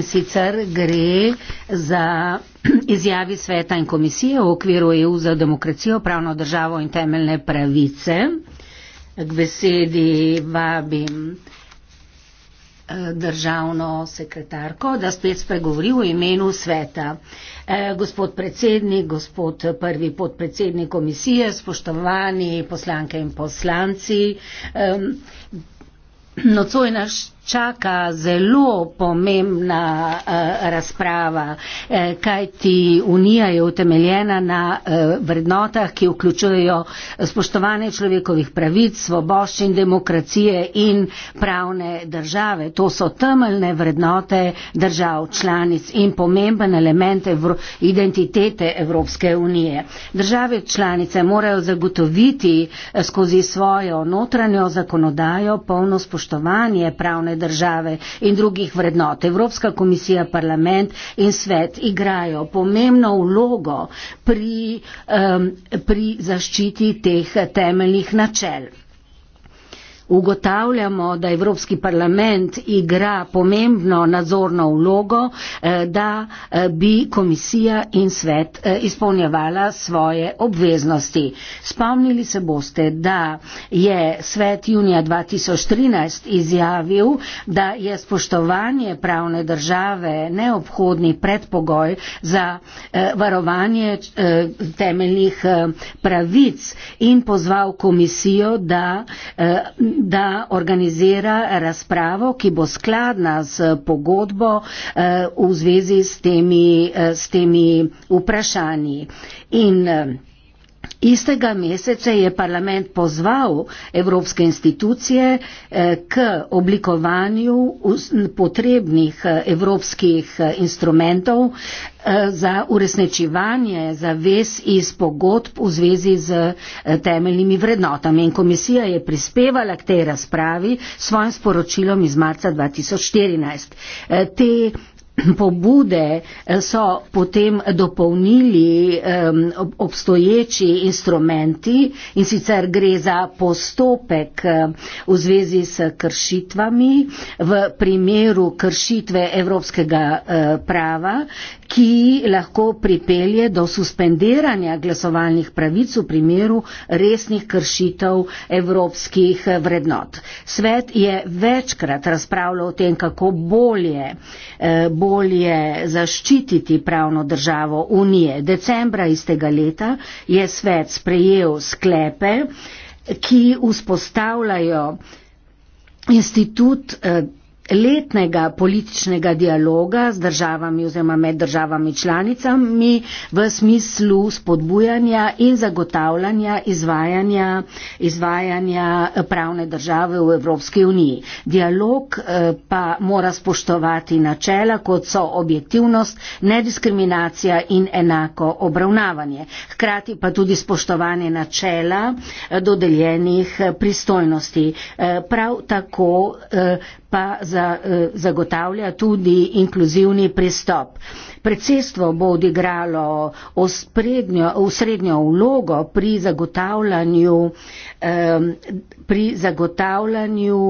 sicer gre za izjavi sveta in komisije v okviru EU za demokracijo, pravno državo in temeljne pravice. K besedi vabim eh, državno sekretarko, da spet spregovori v imenu sveta. Eh, gospod predsednik, gospod prvi podpredsednik komisije, spoštovani poslanke in poslanci, nocoj naš čaka zelo pomembna eh, razprava, eh, kajti Unija je utemeljena na eh, vrednotah, ki vključujejo spoštovanje človekovih pravic, svoboščin, demokracije in pravne države. To so temeljne vrednote držav članic in pomemben element evro, identitete Evropske unije. Države članice morajo zagotoviti eh, skozi svojo notranjo zakonodajo polno spoštovanje pravne pravne države in drugih vrednot. Evropska komisija, parlament in svet igrajo pomembno vlogo pri, um, pri zaščiti teh temeljnih načel ugotavljamo, da Evropski parlament igra pomembno nadzorno vlogo, eh, da eh, bi komisija in svet eh, izpolnjevala svoje obveznosti. Spomnili se boste, da je svet junija 2013 izjavil, da je spoštovanje pravne države neobhodni predpogoj za varovanje temeljnih pravic in pozval komisijo, da da organizira razpravo, ki bo skladna z pogodbo eh, v zvezi s temi, eh, s temi vprašanji. In, eh, Istega meseca je parlament pozval evropske institucije eh, k oblikovanju potrebnih eh, evropskih eh, instrumentov za uresničevanje zavez iz pogodb v zvezi z temeljnimi vrednotami. In komisija je prispevala k tej razpravi svojim sporočilom iz marca 2014. Te pobude eh, so potem dopolnili obstoječi instrumenti in sicer gre za postopek eh, v zvezi s kršitvami. V primeru kršitve evropskega eh, prava ki lahko pripelje do suspendiranja glasovalnih pravic v primeru resnih kršitev evropskih vrednot. Svet je večkrat razpravljal o tem, kako bolje, eh, bolje zaščititi pravno državo Unije. Decembra istega leta je svet sprejel sklepe, ki vzpostavljajo institut eh, letnega političnega dialoga z državami oziroma med državami članicami v smislu spodbujanja in zagotavljanja izvajanja, izvajanja pravne države v Evropski uniji. Dialog eh, pa mora spoštovati načela, kot so objektivnost, nediskriminacija in enako obravnavanje. Hkrati pa tudi spoštovanje načela eh, dodeljenih eh, pristojnosti. Prav tako pa eh, zagotavlja tudi inkluzivni pristop. Predsedstvo bo odigralo osrednjo vlogo pri zagotavljanju, pri zagotavljanju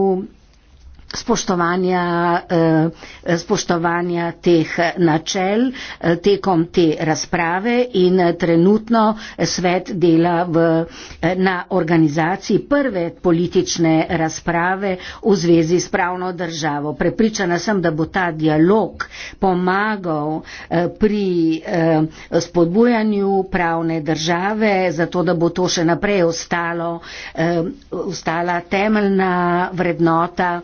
spoštovanja, eh, spoštovanja teh načel eh, tekom te razprave in trenutno svet dela v, eh, na organizaciji prve politične razprave v zvezi s pravno državo. Prepričana sem, da bo ta dialog pomagal pri spodbujanju pravne države, zato da bo to še naprej ostalo, ostala temeljna vrednota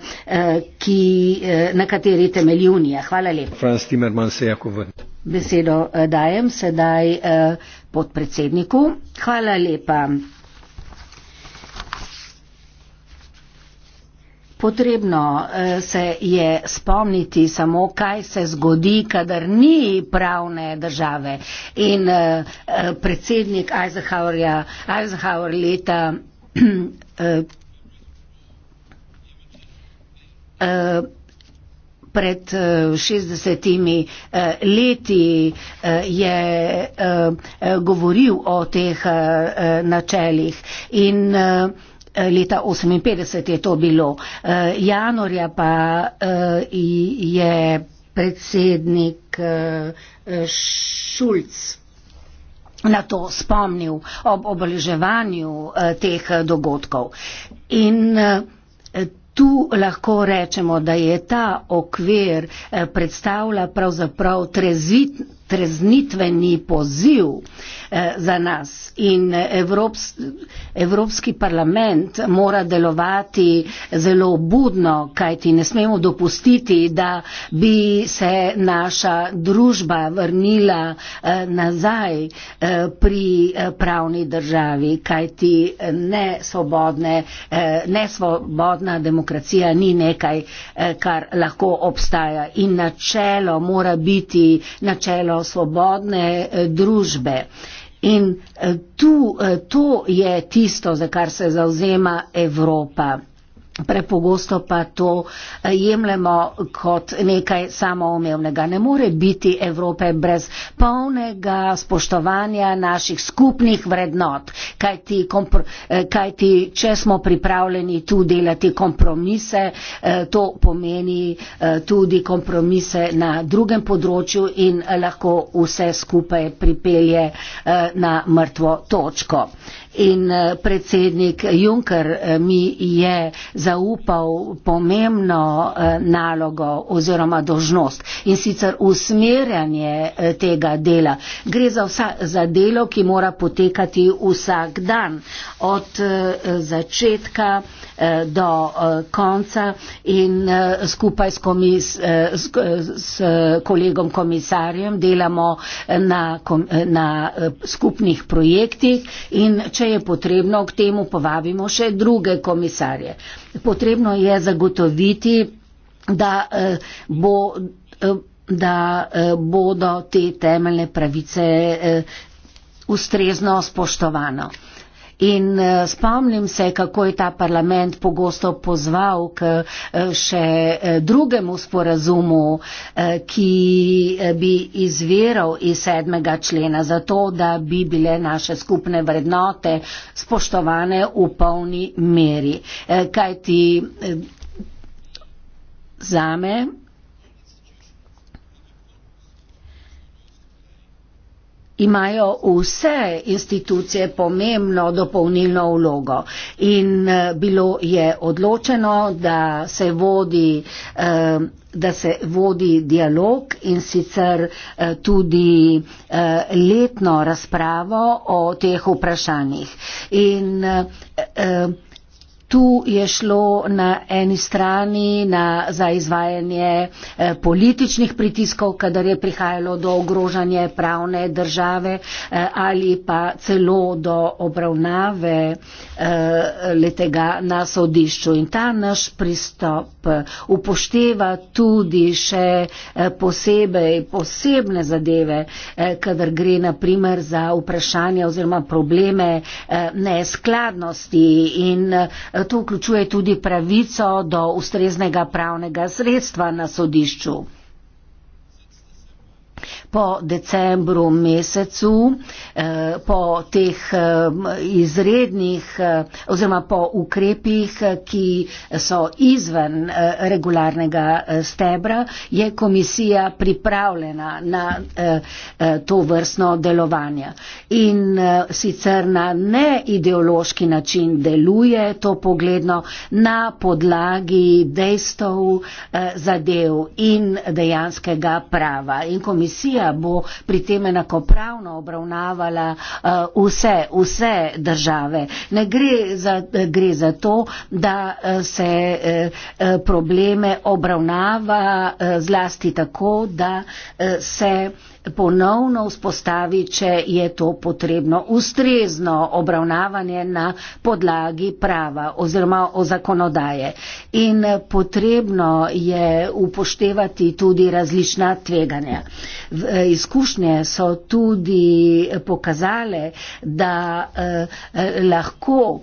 ki, eh, na kateri temelji Unija. Hvala lepa. Franz Timerman se je jako vrnil. Besedo eh, dajem sedaj eh, podpredsedniku. Hvala lepa. Potrebno se je spomniti samo, kaj se zgodi, kadar ni pravne države. In predsednik Eisenhower leta Eh, pred 60 eh, eh, leti je govoril o teh načelih in leta 58 je to bilo. Januarja pa je predsednik Šulc na to spomnil ob obeleževanju teh dogodkov. In tu lahko rečemo, da je ta okvir eh, predstavlja pravzaprav trezvit treznitveni poziv eh, za nas in eh, Evrops, Evropski parlament mora delovati zelo budno, kajti ne smemo dopustiti, da bi se naša družba vrnila eh, nazaj pri pravni državi, kajti nesvobodna demokracija ni nekaj, kar lahko obstaja in načelo mora biti načelo pravzaprav svobodne eh, družbe. In eh, tu, eh, to je tisto, za kar se zauzema Evropa. Prepogosto pa to eh, jemljemo kot nekaj samoumevnega. Ne more biti Evrope brez polnega spoštovanja naših skupnih vrednot, kajti, eh, kajti če smo pripravljeni tu delati kompromise, eh, to pomeni tudi kompromise na drugem področju in lahko vse skupaj pripelje na mrtvo točko in eh, predsednik Juncker eh, mi je zaupal pomembno eh, nalogo oziroma dožnost in sicer usmerjanje tega dela. Gre za, vsa, za delo, ki mora potekati vsak dan od začetka do konca in skupaj s, komis, s kolegom komisarjem delamo na, na skupnih projektih in če je potrebno, k temu povabimo še druge komisarje. Potrebno je zagotoviti, da, eh, bo, eh, da eh, bodo te temeljne pravice eh, ustrezno spoštovane. In eh, spomnim se, kako je ta parlament pogosto pozval k eh, še eh, drugemu sporazumu, ki bi izviral iz sedmega člena, zato da bi bile naše skupne vrednote spoštovane v polni meri. Kajti, Zame imajo vse institucije pomembno dopolnilno vlogo in eh, bilo je odločeno, da se vodi, eh, da se vodi dialog in sicer eh, tudi letno razpravo o teh vprašanjih. In, Tu je šlo na eni strani na, za izvajanje eh, političnih pritiskov, kadar je prihajalo do ogrožanja pravne države eh, ali pa celo do obravnave eh, Eh, letega na sodišču. In ta naš pristop eh, upošteva tudi še eh, posebej posebne zadeve, kadar gre naprimer za vprašanja oziroma probleme neskladnosti in to vključuje tudi pravico do ustreznega pravnega sredstva na sodišču po decembru mesecu, eh, po teh eh, izrednih eh, oziroma po ukrepih, ki so izven regularnega stebra, je komisija pripravljena na to vrstno delovanje. In sicer na neideološki način deluje to pogledno na podlagi dejstev, zadev in dejanskega prava. In komisija komisija bo pri tem enakopravno obravnavala uh, vse, vse države. Ne gre za, gre za to, da uh, se uh, probleme obravnava uh, zlasti tako, da uh, se uh, ponovno vzpostavi, če je to potrebno. Ustrezno obravnavanje na podlagi prava oziroma o zakonodaje. In potrebno je upoštevati tudi različna tveganja. Eh, izkušnje so tudi pokazale, da eh, eh, lahko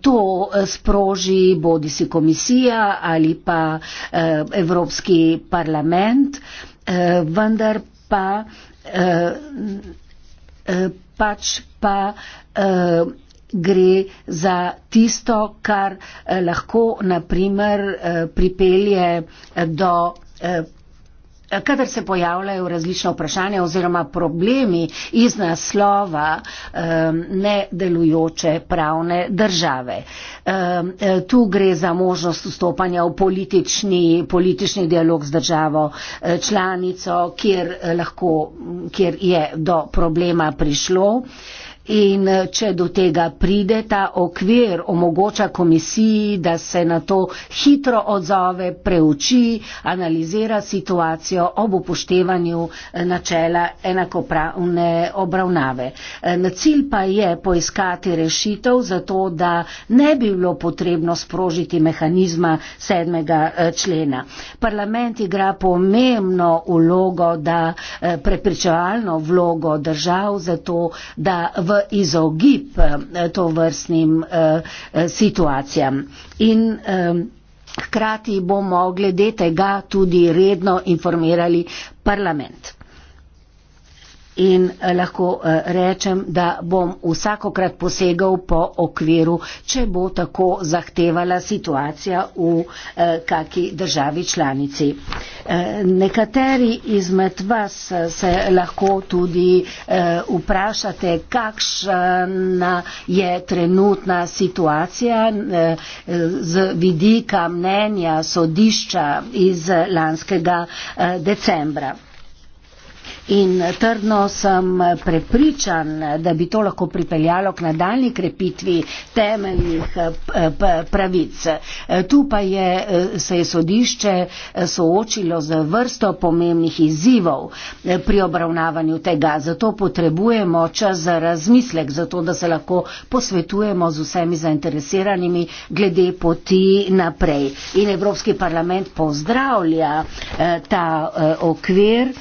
To sproži bodi si komisija ali pa Evropski parlament eh, vendar pa eh, eh, pač pa eh, gre za tisto, kar eh, lahko naprimer eh, pripelje do Kadar se pojavljajo različna vprašanja oziroma problemi iz naslova um, nedelujoče pravne države. Um, tu gre za možnost vstopanja v politični, politični dialog z državo e, članico, kjer, e, lahko, kjer je do problema prišlo. Um, In eh, če do tega pride, ta okvir omogoča komisiji, da se na to hitro odzove, preuči, analizira situacijo ob upoštevanju eh, načela enakopravne obravnave. Na eh, cilj pa je poiskati rešitev za to, da ne bi bilo potrebno sprožiti mehanizma sedmega člena. Parlament igra pomembno ulogo, da preprečevalno vlogo držav za to, da vrnemo izogib eh, to vrstnim eh, situacijam. In, eh, Hkrati bomo glede tega tudi redno informirali parlament in eh, lahko eh, rečem, da bom vsakokrat posegal po okviru, če bo tako zahtevala situacija v eh, kaki državi članici. Nekateri izmed vas se lahko tudi vprašate, kakšna je trenutna situacija z vidika mnenja sodišča iz lanskega decembra in trdno sem prepričan, da bi to lahko pripeljalo k nadaljni krepitvi temeljnih eh, pravic. Eh, tu pa je, eh, se je sodišče soočilo z vrsto pomembnih izzivov pri obravnavanju tega. Zato potrebujemo čas za razmislek, zato da se lahko posvetujemo z vsemi zainteresiranimi glede poti naprej. In Evropski parlament pozdravlja ta okvir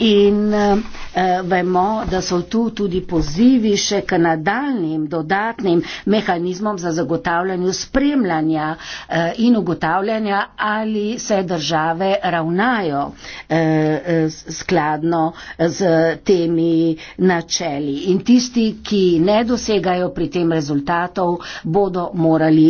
in uh, Eh, vemo, da so tu tudi pozivi še k nadaljnim dodatnim mehanizmom za zagotavljanje spremljanja eh, in ugotavljanja, ali se države ravnajo eh, skladno z temi načeli. In tisti, ki ne dosegajo pri tem rezultatov, bodo morali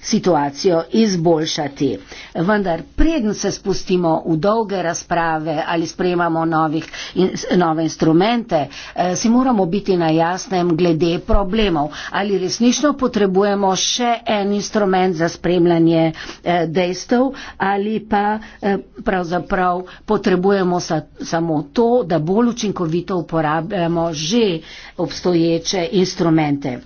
situacijo izboljšati. Vendar, preden se spustimo v dolge razprave ali sprejemamo novih, in, novih nove instrumente, eh, si moramo biti na jasnem glede problemov. Ali resnično potrebujemo še en instrument za spremljanje eh, dejstev ali pa eh, pravzaprav potrebujemo sa, samo to, da bolj učinkovito uporabljamo že obstoječe instrumente.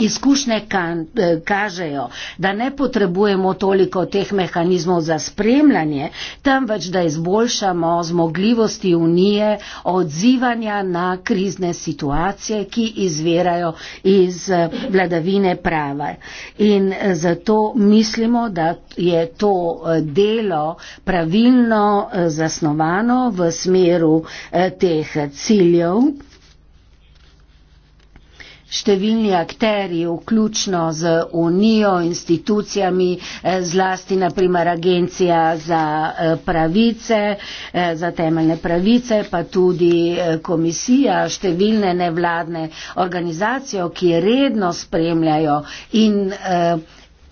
Izkušnje eh, kažejo, da ne potrebujemo toliko teh mehanizmov za spremljanje, temveč da izboljšamo zmogljivosti unije odzivanja na krizne situacije, ki izvirajo iz eh, vladavine prava. In eh, zato mislimo, da je to delo pravilno zasnovano v smeru teh ciljev številni akteri, vključno z unijo, institucijami, eh, zlasti naprimer agencija za eh, pravice, eh, za temeljne pravice, pa tudi komisija, številne nevladne organizacije, ki redno spremljajo in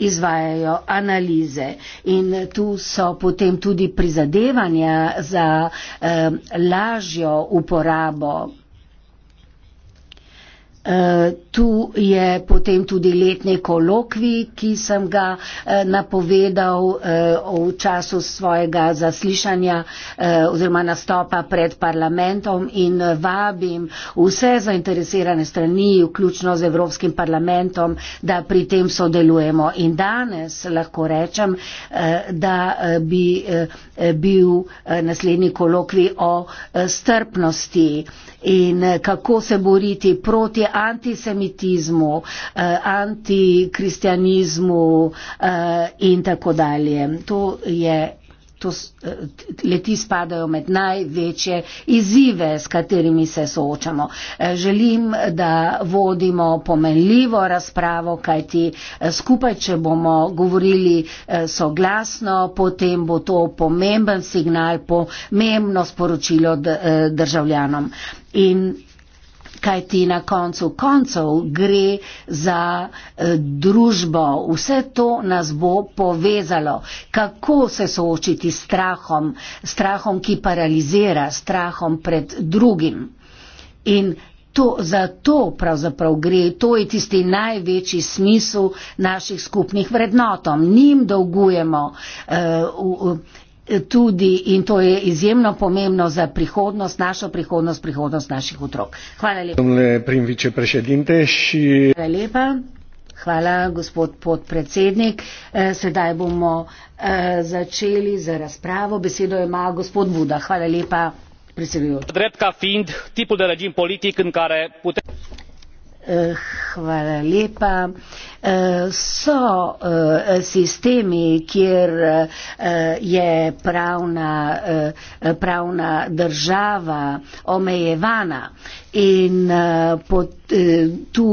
izvajajo analize in tu so potem tudi prizadevanja za eh, lažjo uporabo 呃，eh, Tu je potem tudi letni kolokvi, ki sem ga eh, napovedal v eh, času svojega zaslišanja eh, oziroma nastopa pred parlamentom in vabim vse zainteresirane strani, vključno z Evropskim parlamentom, da pri tem sodelujemo. In danes lahko rečem, da bi bil naslednji kolokvi o strpnosti in kako se boriti proti antisemitizmu antisemitizmu, eh, antikristjanizmu eh, in tako dalje. To je, to, eh, leti spadajo med največje izzive, s katerimi se soočamo. Želim, da vodimo pomenljivo razpravo, kajti skupaj, če bomo govorili soglasno, potem bo to pomemben signal, pomembno sporočilo državljanom. In kaj ti na koncu koncev gre za eh, družbo. Vse to nas bo povezalo, kako se soočiti s strahom, strahom, ki paralizira, strahom pred drugim. In To, za to pravzaprav gre, to je tisti največji smisel naših skupnih vrednotom. Njim dolgujemo uh, uh, tudi in to je izjemno pomembno za prihodnost, našo prihodnost, prihodnost naših otrok. Hvala lepa. Hvala lepa. Hvala, gospod podpredsednik. Eh, sedaj bomo eh, začeli za razpravo. Besedo ima gospod Buda. Hvala lepa, predsedujoči. Eh, hvala lepa. Eh, so eh, sistemi, kjer je pravna, pravna država omejevana in tu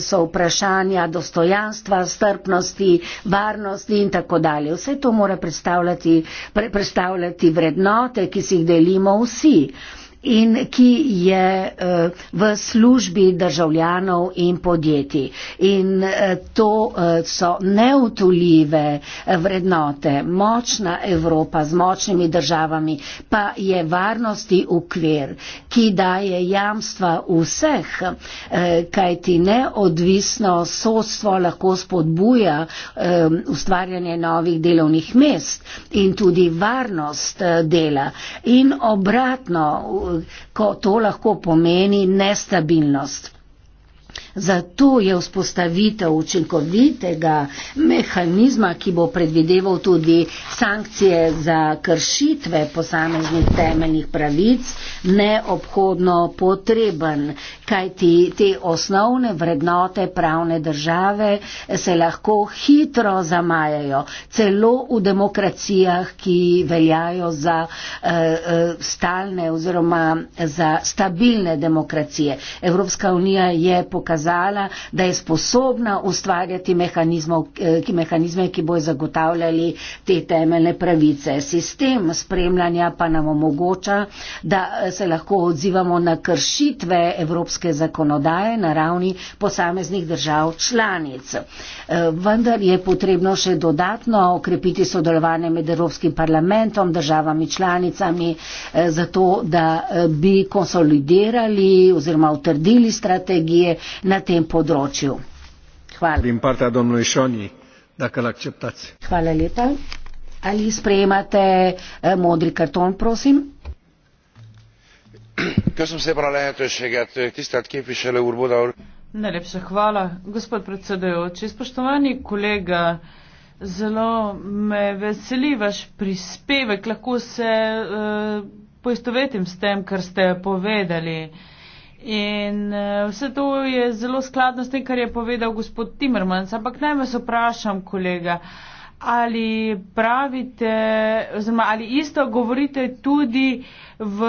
so vprašanja dostojanstva, strpnosti, varnosti in tako dalje. Vse to mora predstavljati, predstavljati vrednote, ki si jih delimo vsi in ki je eh, v službi državljanov in podjetij. In eh, to eh, so neutoljive vrednote. Močna Evropa z močnimi državami pa je varnosti ukvir, ki daje jamstva vseh, kajti neodvisno sodstvo lahko spodbuja ustvarjanje novih delovnih mest in tudi varnost dela. In obratno, ko to lahko pomeni nestabilnost. Zato je vzpostavitev učinkovitega mehanizma, ki bo predvideval tudi sankcije za kršitve posameznih temeljnih pravic, neobhodno potreben, kajti te osnovne vrednote pravne države se lahko hitro zamajajo, celo v demokracijah, ki veljajo za eh, eh stalne oziroma za stabilne demokracije. Evropska unija je pokazala, pokazala, da je sposobna ustvarjati eh, mehanizme, ki bojo zagotavljali te temeljne pravice. Sistem spremljanja pa nam omogoča, da eh, se lahko odzivamo na kršitve evropske zakonodaje na ravni posameznih držav članic. Eh, vendar je potrebno še dodatno okrepiti sodelovanje med Evropskim parlamentom, državami članicami, zato da bi konsolidirali oziroma utrdili strategije na tem področju. Hvala. Hvala lepa. Ali sprejemate eh, modri karton, prosim? Najlepša hvala, gospod predsedajoči. Spoštovani kolega, zelo me veseli vaš prispevek. Lahko se uh, poistovetim s tem, kar ste povedali. Uh, In uh, vse to je zelo skladno s tem, kar je povedal gospod Timmermans. Ampak naj vas vprašam, kolega, ali pravite, oziroma ali isto govorite tudi v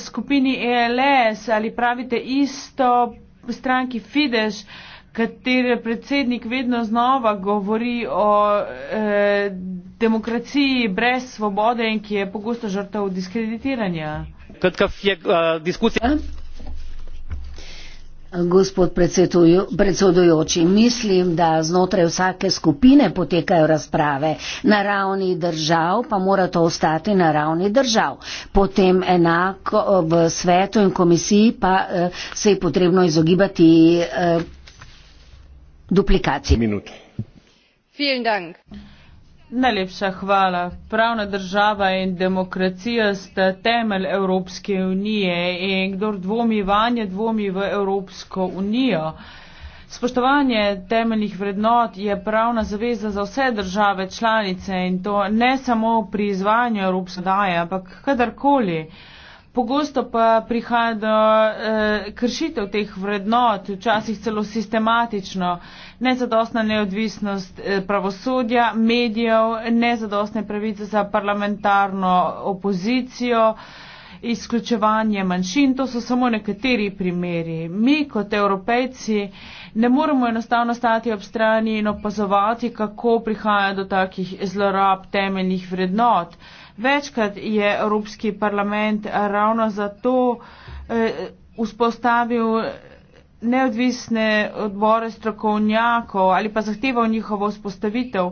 skupini ELS, ali pravite isto stranki Fidesz, katere predsednik vedno znova govori o eh, demokraciji brez svobode in ki je pogosto žrtev diskreditiranja. Kratka je uh, diskusija. Gospod predsedujoči, mislim, da znotraj vsake skupine potekajo razprave. Na ravni držav pa mora to ostati na ravni držav. Potem enako v svetu in komisiji pa eh, se je potrebno izogibati eh, duplikaciji. Minute. Najlepša hvala. Pravna država in demokracija sta temelj Evropske unije in kdor dvomi vanje, dvomi v Evropsko unijo. Spoštovanje temeljnih vrednot je pravna zaveza za vse države članice in to ne samo pri izvajanju Evropske daje, ampak kadarkoli pogosto pa prihaja do eh, kršitev teh vrednot, včasih celo sistematično, nezadostna neodvisnost eh, pravosodja, medijev, nezadostne pravice za parlamentarno opozicijo, izključevanje manjšin, to so samo nekateri primeri. Mi kot evropejci ne moremo enostavno stati ob strani in opazovati, kako prihaja do takih zlorab temeljnih vrednot. Eh, Večkrat je Evropski parlament ravno zato eh, vzpostavil neodvisne odbore strokovnjakov ali pa zahteval njihovo vzpostavitev.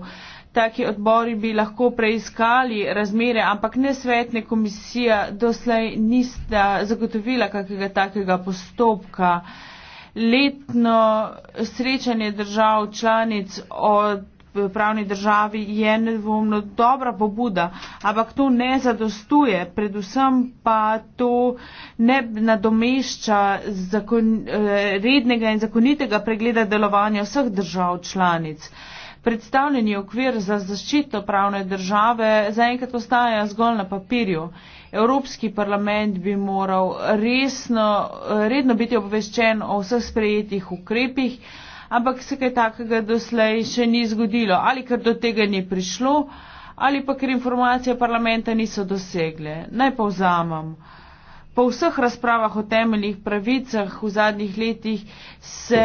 Taki odbori bi lahko preiskali razmere, ampak ne svetne komisija doslej nista zagotovila kakega takega postopka. Letno srečanje držav članic od v pravni državi je nedvomno dobra pobuda, ampak to ne zadostuje, predvsem pa to ne nadomešča zakon, eh, rednega in zakonitega pregleda delovanja vseh držav članic. Predstavljeni okvir za zaščito pravne države zaenkrat ostaja zgolj na papirju. Evropski parlament bi moral resno, eh, redno biti obveščen o vseh sprejetih ukrepih, ampak se kaj takega doslej še ni zgodilo, ali ker do tega ni prišlo, ali pa ker informacije parlamenta niso dosegle. Naj povzamem. Po vseh razpravah o temeljnih pravicah v zadnjih letih se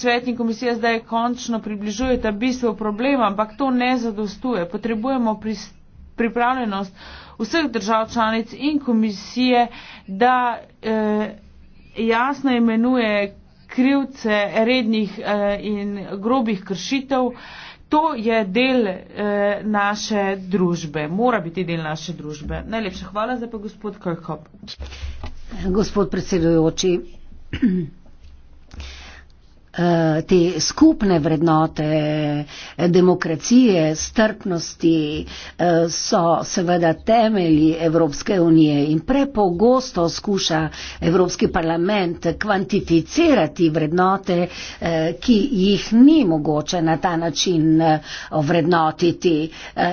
svet in komisija zdaj končno približujeta bistvu problema, ampak to ne zadostuje. Potrebujemo pripravljenost vseh držav članic in komisije, da eh, jasno imenuje, krivce rednih eh, in grobih kršitev. To je del eh, naše družbe, mora biti del naše družbe. Najlepša hvala za pa gospod Kajkop. Gospod predsedujoči. Eh, te skupne vrednote eh, demokracije, strpnosti eh, so seveda temelji Evropske unije in prepogosto skuša Evropski parlament kvantificirati vrednote, ki jih ni mogoče na ta način vrednotiti.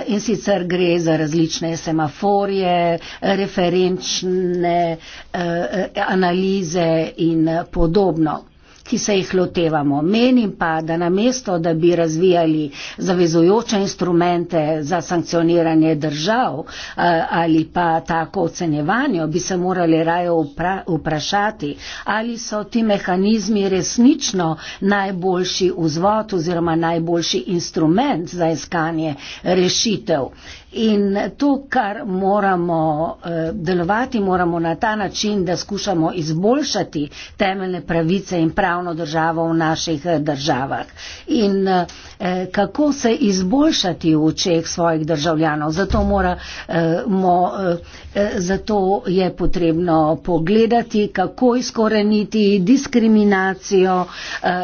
In sicer gre za različne semaforje, referenčne analize in podobno ki se jih lotevamo. Menim pa, da namesto, da bi razvijali zavezujoče instrumente za sankcioniranje držav eh, ali pa tako ocenjevanje, bi se morali raje vprašati, ali so ti mehanizmi resnično najboljši vzvod oziroma najboljši instrument za iskanje rešitev. In to, kar moramo eh, delovati, moramo na ta način, da skušamo izboljšati temeljne pravice in pravno državo v naših eh, državah. In eh, kako se izboljšati v očeh svojih državljanov, zato, mora, mo, zato je potrebno pogledati, kako izkoreniti diskriminacijo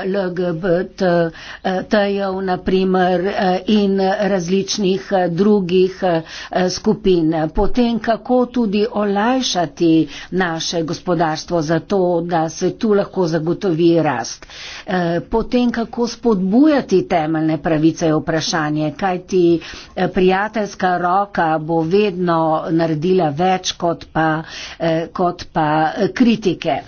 LGBT-jev, naprimer, in različnih drugih ranljivih eh, skupin, potem kako tudi olajšati naše gospodarstvo za to, da se tu lahko zagotovi rast, eh, potem kako spodbujati temeljne pravice je vprašanje, kaj ti eh, prijateljska roka bo vedno naredila več kot pa, kot pa kritike.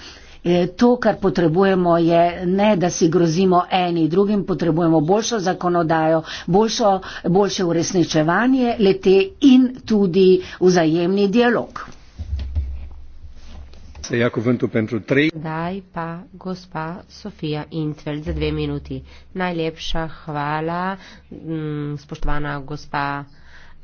E, to, kar potrebujemo, je ne, da si grozimo eni drugim, potrebujemo boljšo zakonodajo, boljšo, boljše uresničevanje lete in tudi vzajemni dialog. Ja Zdaj pa gospa Sofija Intveld za dve minuti. Najlepša hvala, spoštovana gospa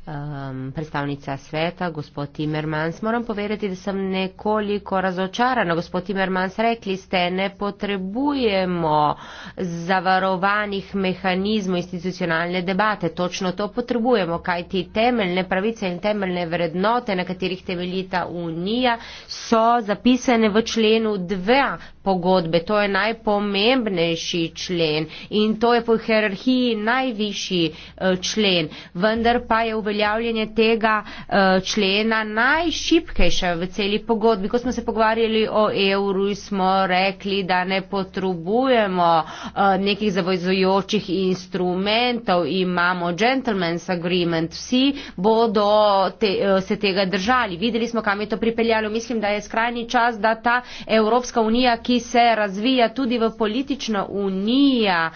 um, predstavnica sveta, gospod Timmermans. Moram povedati, da sem nekoliko razočarana. Gospod Timmermans, rekli ste, ne potrebujemo zavarovanih mehanizmov institucionalne debate. Točno to potrebujemo, kaj ti temeljne pravice in temeljne vrednote, na katerih temeljita Unija, so zapisane v členu 2 pogodbe. To je najpomembnejši člen in to je po hierarhiji najvišji uh, člen. Vendar pa je v veliko uveljavljanje tega eh, člena najšipkejša v celi pogodbi. Ko smo se pogovarjali o evru, smo rekli, da ne potrebujemo eh, nekih zavezujočih instrumentov, imamo gentleman's agreement, vsi bodo te, eh, se tega držali. Videli smo, kam je to pripeljalo. Mislim, da je skrajni čas, da ta Evropska unija, ki se razvija tudi v politično unijo,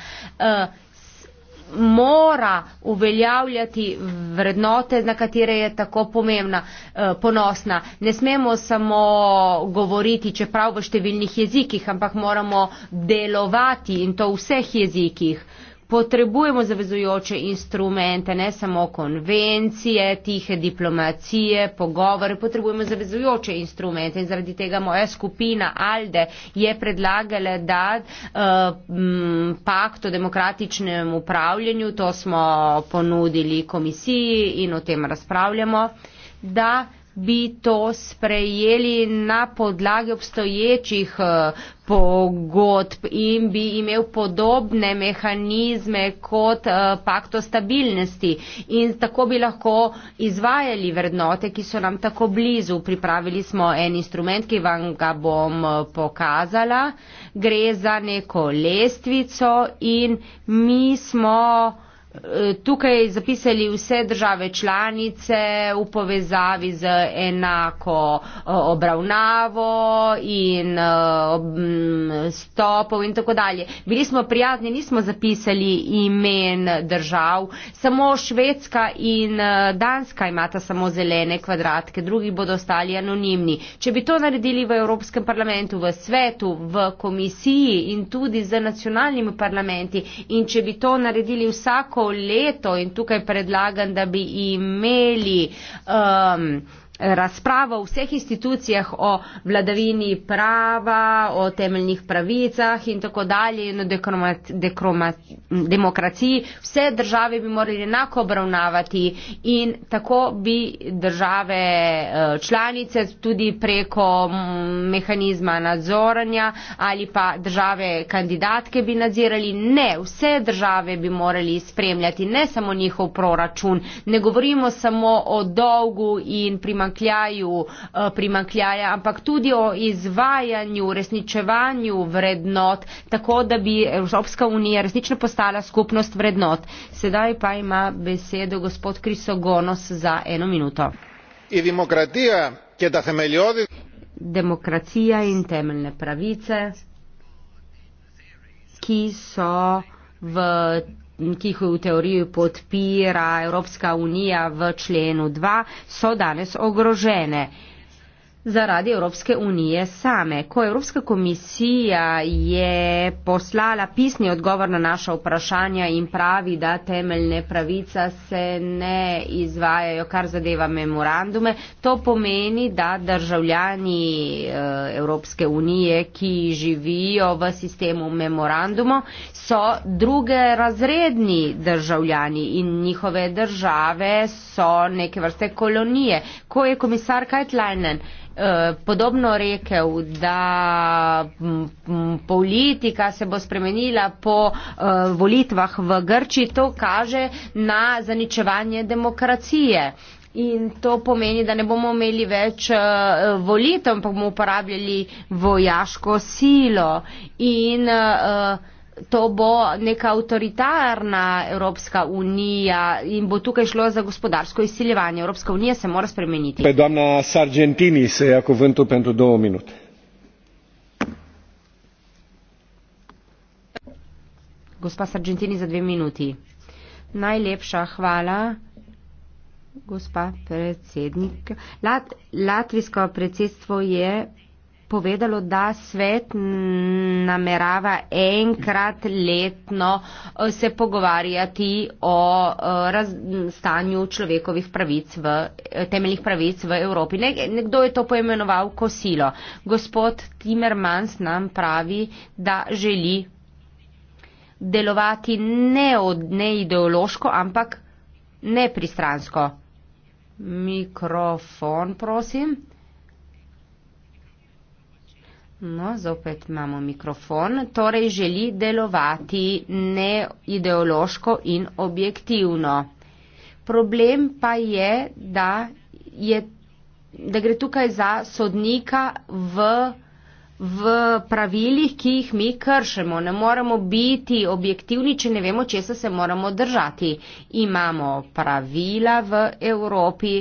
mora uveljavljati vrednote, na katere je tako pomembna, eh, ponosna. Ne smemo samo govoriti, čeprav v številnih jezikih, ampak moramo delovati in to v vseh jezikih potrebujemo zavezujoče instrumente, ne samo konvencije, tihe diplomacije, pogovore, potrebujemo zavezujoče instrumente in zaradi tega moja skupina Alde je predlagala, da uh, pakt o demokratičnem upravljanju, to smo ponudili komisiji in o tem razpravljamo, da bi to sprejeli na podlagi obstoječih eh, pogodb in bi imel podobne mehanizme kot eh, pakt o stabilnosti. In tako bi lahko izvajali vrednote, ki so nam tako blizu. Pripravili smo en instrument, ki vam ga bom eh, pokazala. Gre za neko lestvico in mi smo Tukaj zapisali vse države članice v povezavi z enako eh, obravnavo in eh, mm, stopov in tako dalje. Bili smo prijazni, nismo zapisali imen držav, samo Švedska in eh, Danska imata samo zelene kvadratke, drugi bodo ostali anonimni. Če bi to naredili v Evropskem parlamentu, v svetu, v komisiji in tudi z nacionalnimi parlamenti in če bi to naredili vsako, vsako leto in tukaj predlagam, da bi imeli um, razpravo v vseh institucijah o vladavini prava, o temeljnih pravicah in tako dalje in o dekromat, dekromat, demokraciji. Vse države bi morali enako obravnavati in tako bi države eh, članice tudi preko mm, mehanizma nadzoranja ali pa države kandidatke bi nadzirali. Ne, vse države bi morali spremljati, ne samo njihov proračun. Ne govorimo samo o dolgu in primankljivosti primankljaju, eh, primankljaja, ampak tudi o izvajanju, resničevanju vrednot, tako da bi Evropska unija resnično postala skupnost vrednot. Sedaj pa ima besedo gospod Krisogonos za eno minuto. Demokracija in temeljne pravice, ki so v ki jih v teoriji podpira Evropska unija v členu 2, so danes ogrožene zaradi Evropske unije same. Ko Evropska komisija je poslala pisni odgovor na naša vprašanja in pravi, da temeljne pravica se ne izvajajo, kar zadeva memorandume, to pomeni, da državljani eh, Evropske unije, ki živijo v sistemu memorandumo, so druge razredni državljani in njihove države so neke vrste kolonije. Ko je komisar Kajtlajnen Eh, podobno rekel, da mm, mm, politika se bo spremenila po eh, volitvah v Grči, to kaže na zaničevanje demokracije. In to pomeni, da ne bomo imeli več uh, volitev, ampak bomo uporabljali vojaško silo. In, uh, to bo neka avtoritarna Evropska unija in bo tukaj šlo za gospodarsko izsiljevanje. Evropska unija se mora spremeniti. Gospa Sargentini za dve minuti. Najlepša hvala, gospa predsednik. Lat, latvijsko predsedstvo je povedalo, da svet namerava enkrat letno eh, se pogovarjati o eh, raz, stanju človekovih pravic v, eh, temeljnih pravic v Evropi. Nekdo je to poimenoval kosilo. Gospod Timmermans nam pravi, da želi delovati ne, od, ne ideološko, ampak nepristransko. Mikrofon, prosim. No, zopet imamo mikrofon, torej želi delovati neideološko in objektivno. Problem pa je, da, je, da gre tukaj za sodnika v, v pravilih, ki jih mi kršemo. Ne moremo biti objektivni, če ne vemo, če se moramo držati. Imamo pravila v Evropi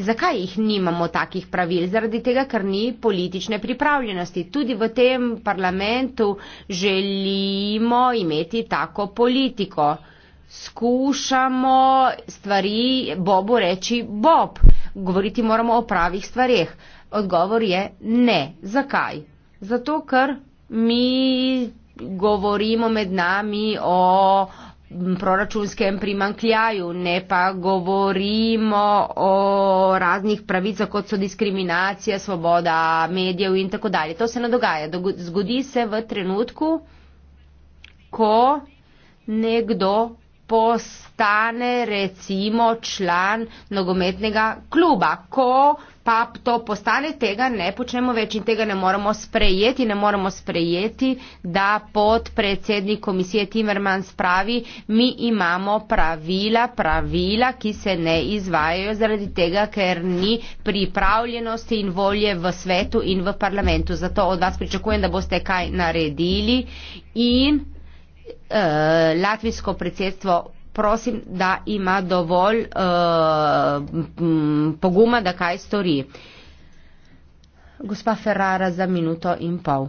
Zakaj jih nimamo takih pravil? Zaradi tega, ker ni politične pripravljenosti. Tudi v tem parlamentu želimo imeti tako politiko. Skušamo stvari Bobu reči Bob. Govoriti moramo o pravih stvarih. Odgovor je ne. Zakaj? Zato, ker mi govorimo med nami o proračunskem primankljaju, ne pa govorimo o raznih pravicah, kot so diskriminacija, svoboda medijev in tako dalje. To se ne dogaja. Zgodi se v trenutku, ko nekdo postane recimo član nogometnega kluba. Ko pa to postane, tega ne počnemo več in tega ne moramo sprejeti. Ne moramo sprejeti, da pod predsednik komisije Timmermans pravi, mi imamo pravila, pravila, ki se ne izvajajo zaradi tega, ker ni pripravljenosti in volje v svetu in v parlamentu. Zato od vas pričakujem, da boste kaj naredili in e, latvijsko predsedstvo prosim, da ima dovolj e, poguma, da kaj stori. Gospa Ferrara za minuto in pol.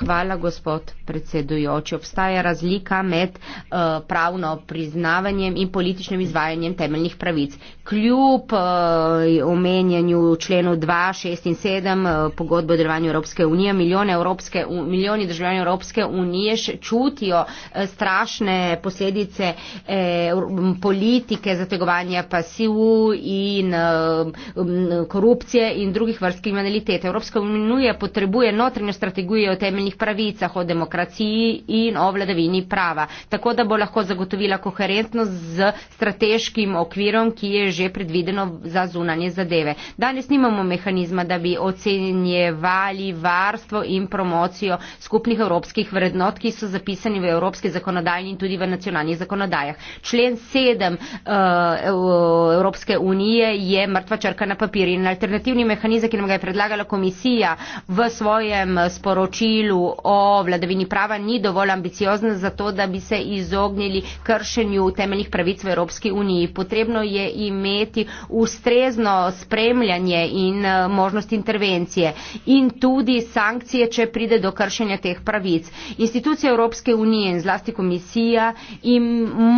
Hvala, gospod predsedujoči. Obstaja razlika med uh, pravno priznavanjem in političnim izvajanjem temeljnih pravic. Kljub uh, omenjenju členu 2, 6 in 7 uh, eh, pogodbe o delovanju Evropske unije, milijoni, Evropske, uh, milijoni državljanov Evropske unije čutijo uh, strašne posledice uh, politike zategovanja pasivu in uh, korupcije in drugih vrst kriminalitete. Evropska unija potrebuje notranjo strategijo temeljnih temeljnih pravicah, o demokraciji in o vladavini prava. Tako da bo lahko zagotovila koherentnost z strateškim okvirom, ki je že predvideno za zunanje zadeve. Danes nimamo mehanizma, da bi ocenjevali varstvo in promocijo skupnih evropskih vrednot, ki so zapisani v evropski zakonodajni in tudi v nacionalnih zakonodajah. Člen 7 uh, eh, Evropske unije je mrtva črka na papirju in alternativni mehanizem, ki nam ga je predlagala komisija v svojem sporočilu, delu o vladavini prava ni dovolj ambiciozna za to, da bi se izognili kršenju temeljnih pravic v Evropski uniji. Potrebno je imeti ustrezno spremljanje in eh, možnost intervencije in tudi sankcije, če pride do kršenja teh pravic. Institucije Evropske unije in zlasti komisija im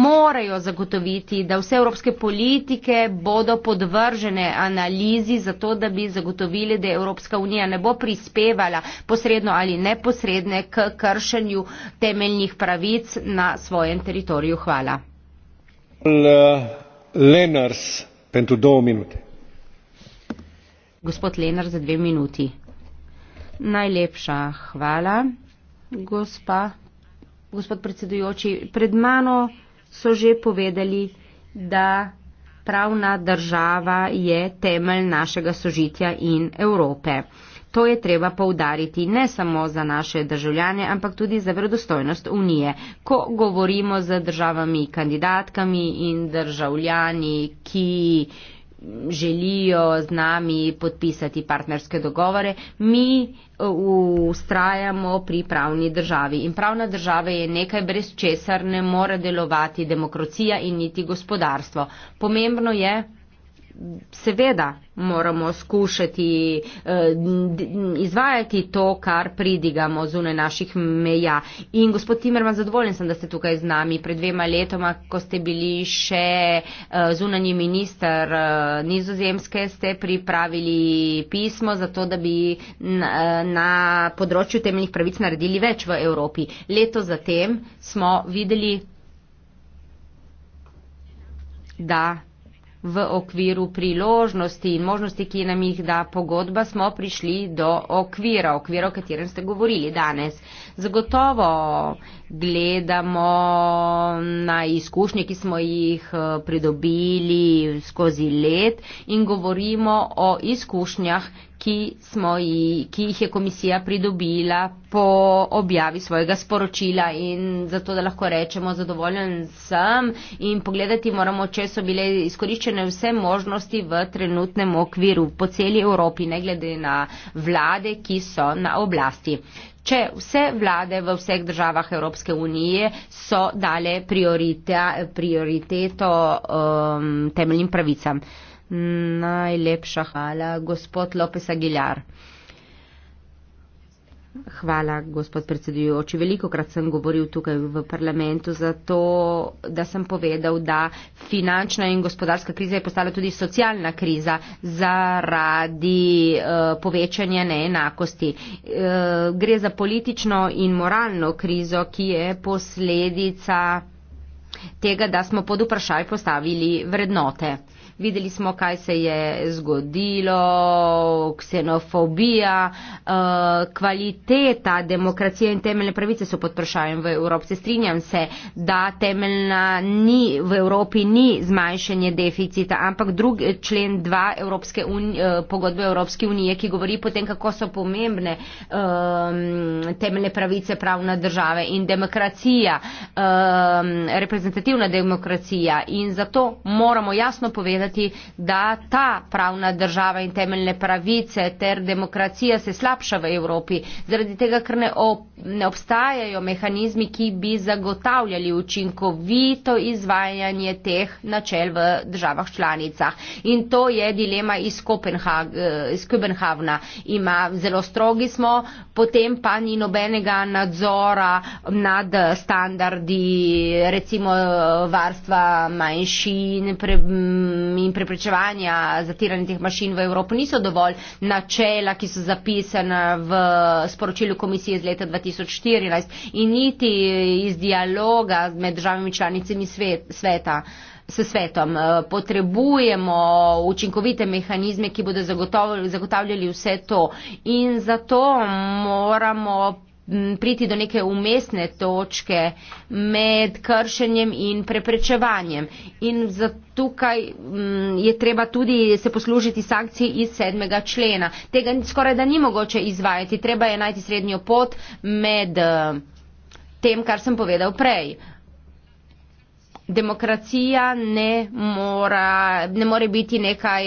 morajo zagotoviti, da vse evropske politike bodo podvržene analizi za to, da bi zagotovili, da Evropska unija ne bo prispevala posredno ali neposredno neposredne k kršenju temeljnih pravic na svojem teritoriju. Hvala. Lenars, Gospod Lenar za dve minuti. Najlepša hvala, gospa. Gospod predsedujoči, pred mano so že povedali, da pravna država je temelj našega sožitja in Evrope. To je treba povdariti ne samo za naše državljane, ampak tudi za vredostojnost Unije. Ko govorimo z državami kandidatkami in državljani, ki želijo z nami podpisati partnerske dogovore, mi ustrajamo uh, pri pravni državi. In pravna država je nekaj, brez česar ne more delovati demokracija in niti gospodarstvo. Pomembno je, seveda moramo skušati eh, izvajati to, kar pridigamo zune naših meja. In gospod Timerman, zadovoljen sem, da ste tukaj z nami. Pred dvema letoma, ko ste bili še eh, zunanji minister eh, nizozemske, ste pripravili pismo za to, da bi na področju temeljnih pravic naredili več v Evropi. Leto zatem smo videli, da v okviru priložnosti in možnosti, ki nam jih da pogodba, smo prišli do okvira, okvira, o katerem ste govorili danes. Zagotovo gledamo na izkušnje, ki smo jih eh, pridobili skozi let in govorimo o izkušnjah, podatki, ji, ki jih je komisija pridobila po objavi svojega sporočila in zato, da lahko rečemo zadovoljen sem in pogledati moramo, če so bile izkoriščene vse možnosti v trenutnem okviru po celi Evropi, ne glede na vlade, ki so na oblasti. Če vse vlade v vseh državah Evropske unije so dale prioriteto um, temeljnim pravicam. Najlepša hvala, gospod Lopes Aguilar. Hvala, gospod predsedujoči. Veliko krat sem govoril tukaj v parlamentu za to, da sem povedal, da finančna in gospodarska kriza je postala tudi socialna kriza zaradi uh, povečanja neenakosti. Uh, gre za politično in moralno krizo, ki je posledica tega, da smo pod vprašaj postavili vrednote videli smo, kaj se je zgodilo, ksenofobija, uh, kvaliteta demokracije in temeljne pravice so pod vprašanjem v Evropi. Se strinjam se, da temeljna ni v Evropi ni zmanjšanje deficita, ampak drugi člen 2 Evropske unije, uh, pogodbe Evropske unije, ki govori potem, kako so pomembne uh, temeljne pravice pravna države in demokracija, uh, reprezentativna demokracija. In zato moramo jasno povedati, povedati, da ta pravna država in temeljne pravice ter demokracija se slabša v Evropi, zaradi tega, ker ne, ob, ne obstajajo mehanizmi, ki bi zagotavljali učinkovito izvajanje teh načel v državah članicah. In to je dilema iz, Kopenhag, iz Kopenhavna. Ima, zelo strogi smo, potem pa ni nobenega nadzora nad standardi recimo varstva manjšin, pre, m, in preprečevanja zatiranja teh mašin v Evropo niso dovolj načela, ki so zapisana v sporočilu komisije iz leta 2014 in niti iz dialoga med državami članicami svet, sveta. S svetom. Eh, potrebujemo učinkovite mehanizme, ki bodo zagotavljali vse to. In zato moramo priti do neke umestne točke med kršenjem in preprečevanjem. In tukaj je treba tudi se poslužiti sankcij iz sedmega člena. Tega skoraj da ni mogoče izvajati, treba je najti srednjo pot med eh, tem, kar sem povedal prej. Demokracija ne, mora, ne more biti nekaj,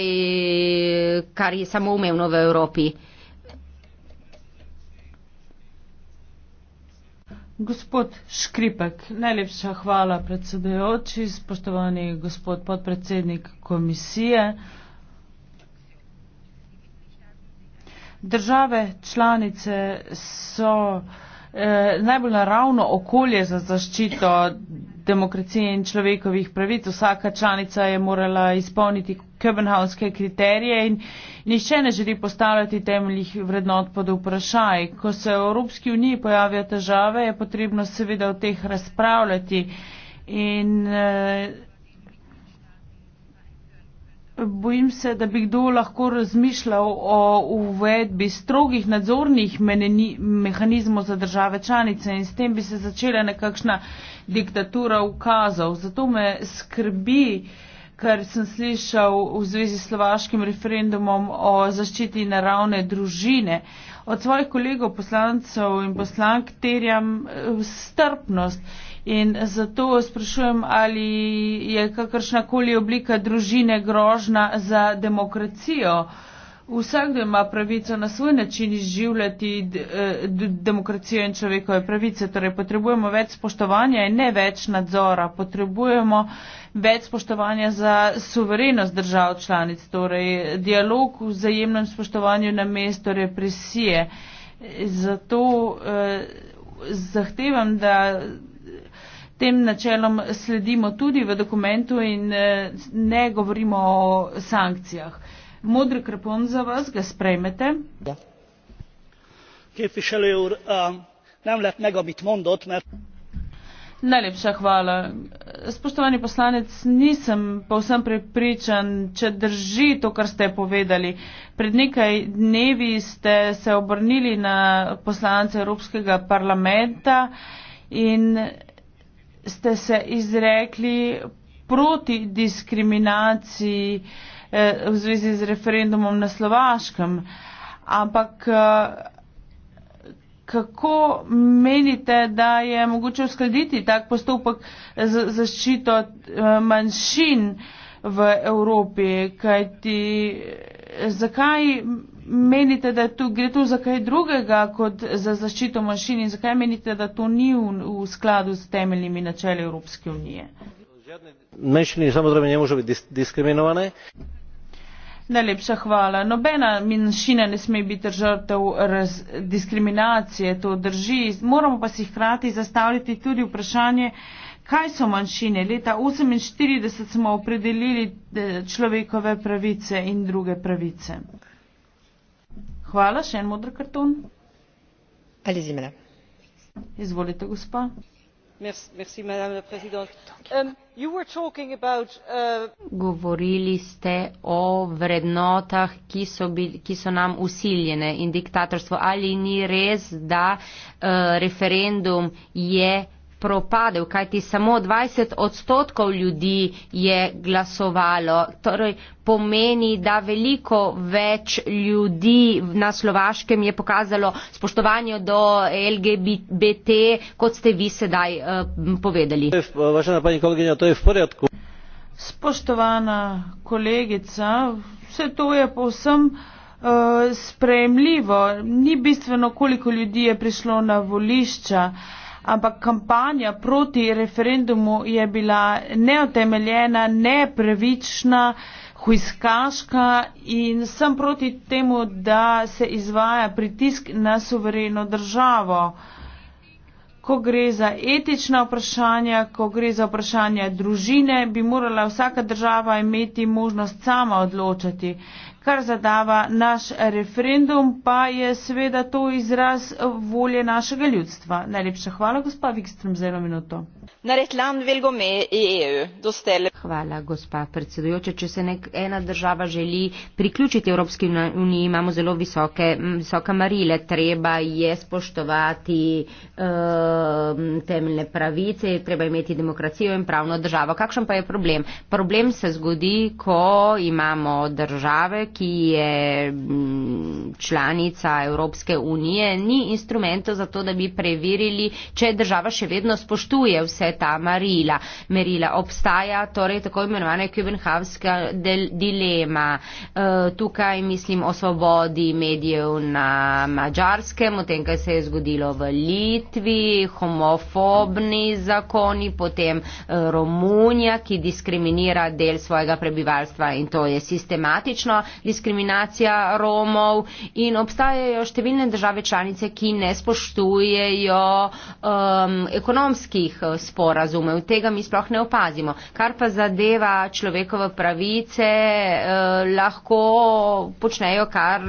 kar je samoumevno v Evropi. Gospod Škripek, najlepša hvala predsedajoči, spoštovani gospod podpredsednik komisije. Države članice so eh, najbolj naravno okolje za zaščito demokracije in človekovih pravic. Vsaka članica je morala izpolniti kopenhavske kriterije in nišče ne želi postavljati temeljih vrednot pod vprašaj. Ko se v Evropski uniji pojavijo težave, je potrebno seveda o teh razpravljati. In, eh, Bojim se, da bi kdo lahko razmišljal o uvedbi strogih nadzornih mehanizmov za države članice in s tem bi se začela nekakšna diktatura ukazov. Zato me skrbi, kar sem slišal v zvezi s slovaškim referendumom o zaščiti naravne družine. Od svojih kolegov poslancev in poslank terjam eh, strpnost In zato sprašujem, ali je kakršnakoli oblika družine grožna za demokracijo. Vsakdo ima pravico na svoj način izživljati eh, demokracijo in človekove pravice. Torej, potrebujemo več spoštovanja in ne več nadzora. Potrebujemo več spoštovanja za suverenost držav članic. Torej, dialog v zajemnem spoštovanju na mesto represije. Zato eh, zahtevam, da tem načelom sledimo tudi v dokumentu in eh, ne govorimo o sankcijah. Modri krpon za vas, ga sprejmete? Da. Ja. Képviselő úr, nem lett meg, amit mondott, mert... Najlepša hvala. Spoštovani poslanec, nisem povsem prepričan, če drži to, kar ste povedali. Pred nekaj dnevi ste se obrnili na poslance Evropskega parlamenta in ste se izrekli proti diskriminaciji eh, v zvezi z referendumom na Slovaškem. Ampak eh, kako menite, da je mogoče uskladiti tak postopek za zaščito eh, manjšin v Evropi, kajti zakaj menite, da tu gre tu za kaj drugega kot za zaščito manjšin in zakaj menite, da to ni v, v skladu s temeljnimi načeli Evropske unije? Menšini samozrejme ne može biti dis diskriminovane. Najlepša hvala. Nobena manjšina ne sme biti žrtev diskriminacije, to drži. Moramo pa si hkrati zastaviti tudi vprašanje, uh, kaj so manjšine. Leta 1948 smo opredelili eh, človekove pravice in druge pravice. Hvala, še en modr karton. Ali zimela. Izvolite, gospa. Merci, merci, um, about, uh... Govorili ste o vrednotah, ki so, bil, ki so nam usiljene in diktatorstvo. Ali ni res, da uh, referendum je propadel, kajti samo 20 odstotkov ljudi je glasovalo. Torej, pomeni, da veliko več ljudi na slovaškem je pokazalo spoštovanje do LGBT, kot ste vi sedaj uh, povedali. Spoštovana kolegica, vse to je povsem uh, eh, spremljivo. Ni bistveno, koliko ljudi je prišlo na volišča. Uh, ampak kampanja proti referendumu je bila neotemeljena, nepravična, huiskaška in sem proti temu, da se izvaja pritisk na suvereno državo. Ko gre za etična vprašanja, ko gre za vprašanja družine, bi morala vsaka država imeti možnost sama odločati kar zadava naš referendum, pa je seveda to izraz volje našega ljudstva. Najlepša hvala, gospa Vikström, za eno minuto. E hvala, gospa predsedujoča. Če se nek, ena država želi priključiti Evropski uniji, imamo zelo visoke, visoka marile. Treba je spoštovati uh, temeljne pravice, treba imeti demokracijo in pravno državo. Kakšen pa je problem? Problem se zgodi, ko imamo države, ki je mm, članica Evropske unije, ni instrumentov za to, da bi preverili, če država še vedno spoštuje vse ta merila. Merila obstaja, torej tako imenovana je kubenhavska dilema. E, tukaj mislim o svobodi medijev na mačarskem, o tem, kaj se je zgodilo v Litvi, homofobni zakoni, potem e, Romunija, ki diskriminira del svojega prebivalstva in to je sistematično diskriminacija Romov in obstajajo številne države članice, ki ne spoštujejo um, ekonomskih uh, sporazumev. Tega mi sploh ne opazimo. Kar pa zadeva človekove pravice, eh, lahko počnejo, kar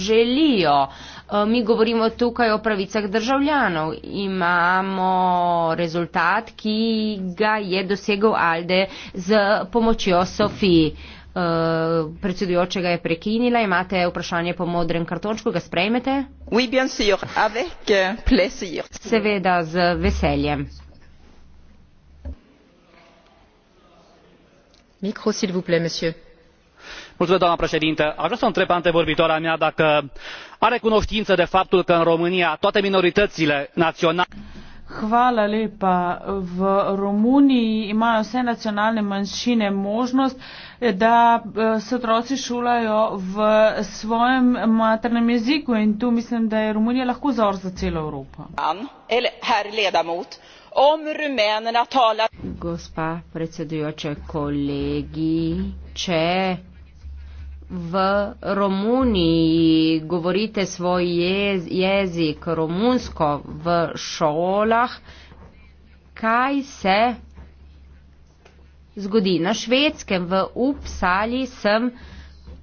želijo. Uh, mi govorimo tukaj o pravicah državljanov. Imamo rezultat, ki ga je dosegel Alde z pomočjo Sofiji. Eh, predsedujočega je prekinila. Imate vprašanje po modrem kartončku, ga sprejmete? Oui, bien sûr, avec euh, plaisir. Seveda, z veseljem. Micro, s'il vous plaît, monsieur. Mulțumesc, doamna președintă. Aș vrea să o întreb pe antevorbitoarea mea dacă are cunoștință de faptul că în România toate minoritățile naționale. Hvala lepa. V Romuniji imajo vse nacionalne manjšine možnost, da eh, se otroci šolajo v svojem maternem jeziku in tu mislim, da je Romunija lahko zor za celo Evropo. Gospa predsedujoča, kolegi, če v Romuniji govorite svoj jezik romunsko v šolah, kaj se zgodi. Na švedskem v Upsali sem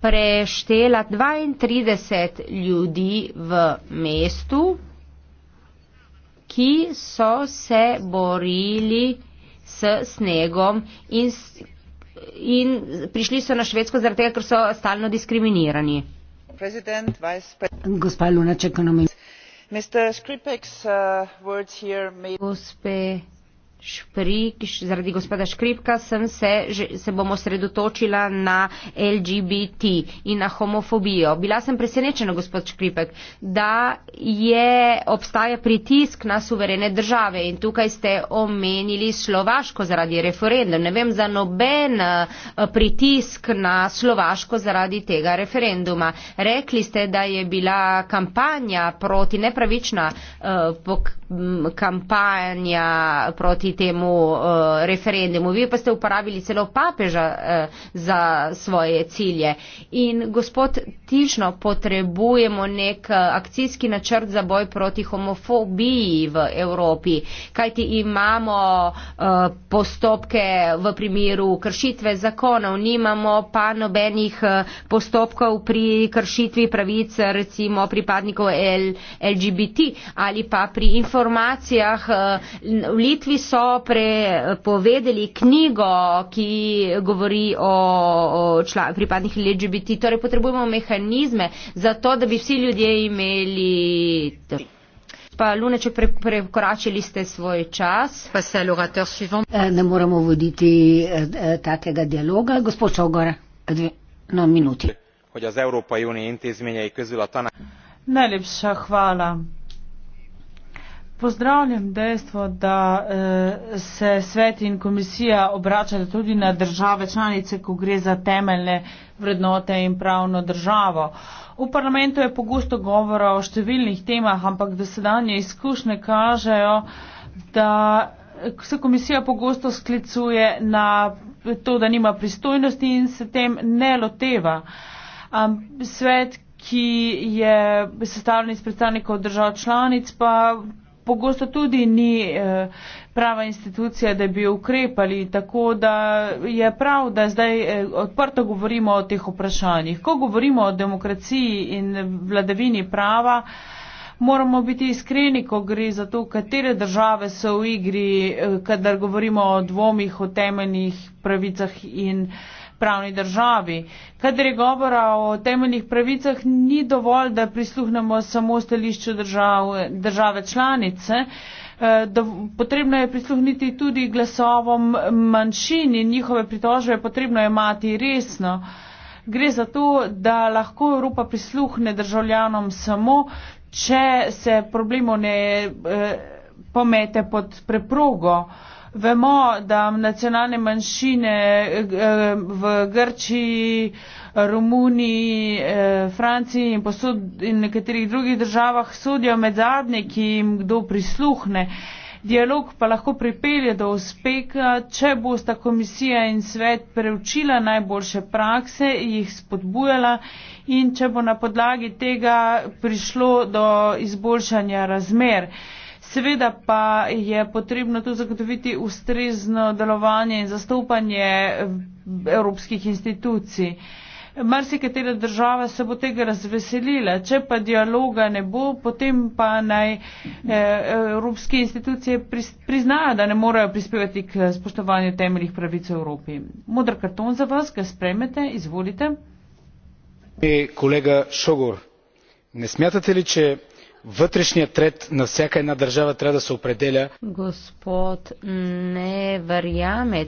preštela 32 ljudi v mestu, ki so se borili s snegom in, in prišli so na švedsko zaradi tega, ker so stalno diskriminirani. Gospa Lunaček, nam je. Uh, Gospe Šprik, zaradi gospoda Škripka sem se, se bom osredotočila na LGBT in na homofobijo. Bila sem presenečena, gospod Škripek, da je, obstaja pritisk na suverene države in tukaj ste omenili Slovaško zaradi referendum. Ne vem za noben eh, pritisk na Slovaško zaradi tega referenduma. Rekli ste, da je bila kampanja proti nepravična. Uh, kampanja proti temu eh, referendumu. Vi pa ste uporabili celo papeža eh, za svoje cilje. In gospod Tišno, potrebujemo nek eh, akcijski načrt za boj proti homofobiji v Evropi. Kajti imamo postopke v primeru kršitve zakonov, nimamo pa nobenih postopkov pri kršitvi pravic recimo pripadnikov LGBT ali pa pri informaciji informacijah, eh, v Litvi so prepovedali knjigo, ki govori o pripadnih LGBT. Torej potrebujemo mehanizme za to, da bi vsi ljudje imeli. Pa Lune, če prekoračili ste svoj čas. Eh, ne moremo voditi eh, takega dialoga. Gospod Čogor, dve na minuti. Najlepša hvala. Pozdravljam dejstvo, da eh, se svet in komisija obračajo tudi na države članice, ko gre za temeljne vrednote in pravno državo. V parlamentu je pogosto govora o številnih temah, ampak dosedanje izkušnje kažejo, da se komisija pogosto sklicuje na to, da nima pristojnosti in se tem ne loteva. Svet, ki je sestavljen iz predstavnikov držav članic, pa pogosto tudi ni eh, prava institucija, da bi ukrepali, tako da je prav, da zdaj eh, odprto govorimo o teh vprašanjih. Ko govorimo o demokraciji in vladavini prava, moramo biti iskreni, ko gre za to, katere države so v igri, eh, kadar govorimo o dvomih, o temeljnih pravicah in pravicah pravni državi. Kadar je govora o temeljnih pravicah, ni dovolj, da prisluhnemo samo stališču držav, države članice. Eh, da, potrebno je prisluhniti tudi glasovom manjšin in njihove pritožbe, potrebno je imati resno. Gre za to, da lahko Evropa prisluhne državljanom samo, če se problemov ne eh, pomete pod preprogo. Eh, Vemo, da nacionalne manjšine eh, v Grčiji, Romuniji, eh, Franciji in posod in nekaterih drugih državah sodijo med zadnje, ki jim kdo prisluhne. Dialog pa lahko pripelje do uspeha, če bosta komisija in svet preučila najboljše prakse, jih spodbujala in če bo na podlagi tega prišlo do izboljšanja razmer. Seveda pa je potrebno tu zagotoviti ustrezno delovanje in zastopanje evropskih institucij. Marsikatera država se bo tega razveselila, če pa dialoga ne bo, potem pa naj eh, evropske institucije priznajo, da ne morejo prispevati k spoštovanju temeljih pravic v Evropi. Modr karton za vas, ga spremete, izvolite. E, kolega Šogor, ne smatrate li, če вътрешният ред на всяка една държава трябва да се определя. Господ, не вярваме,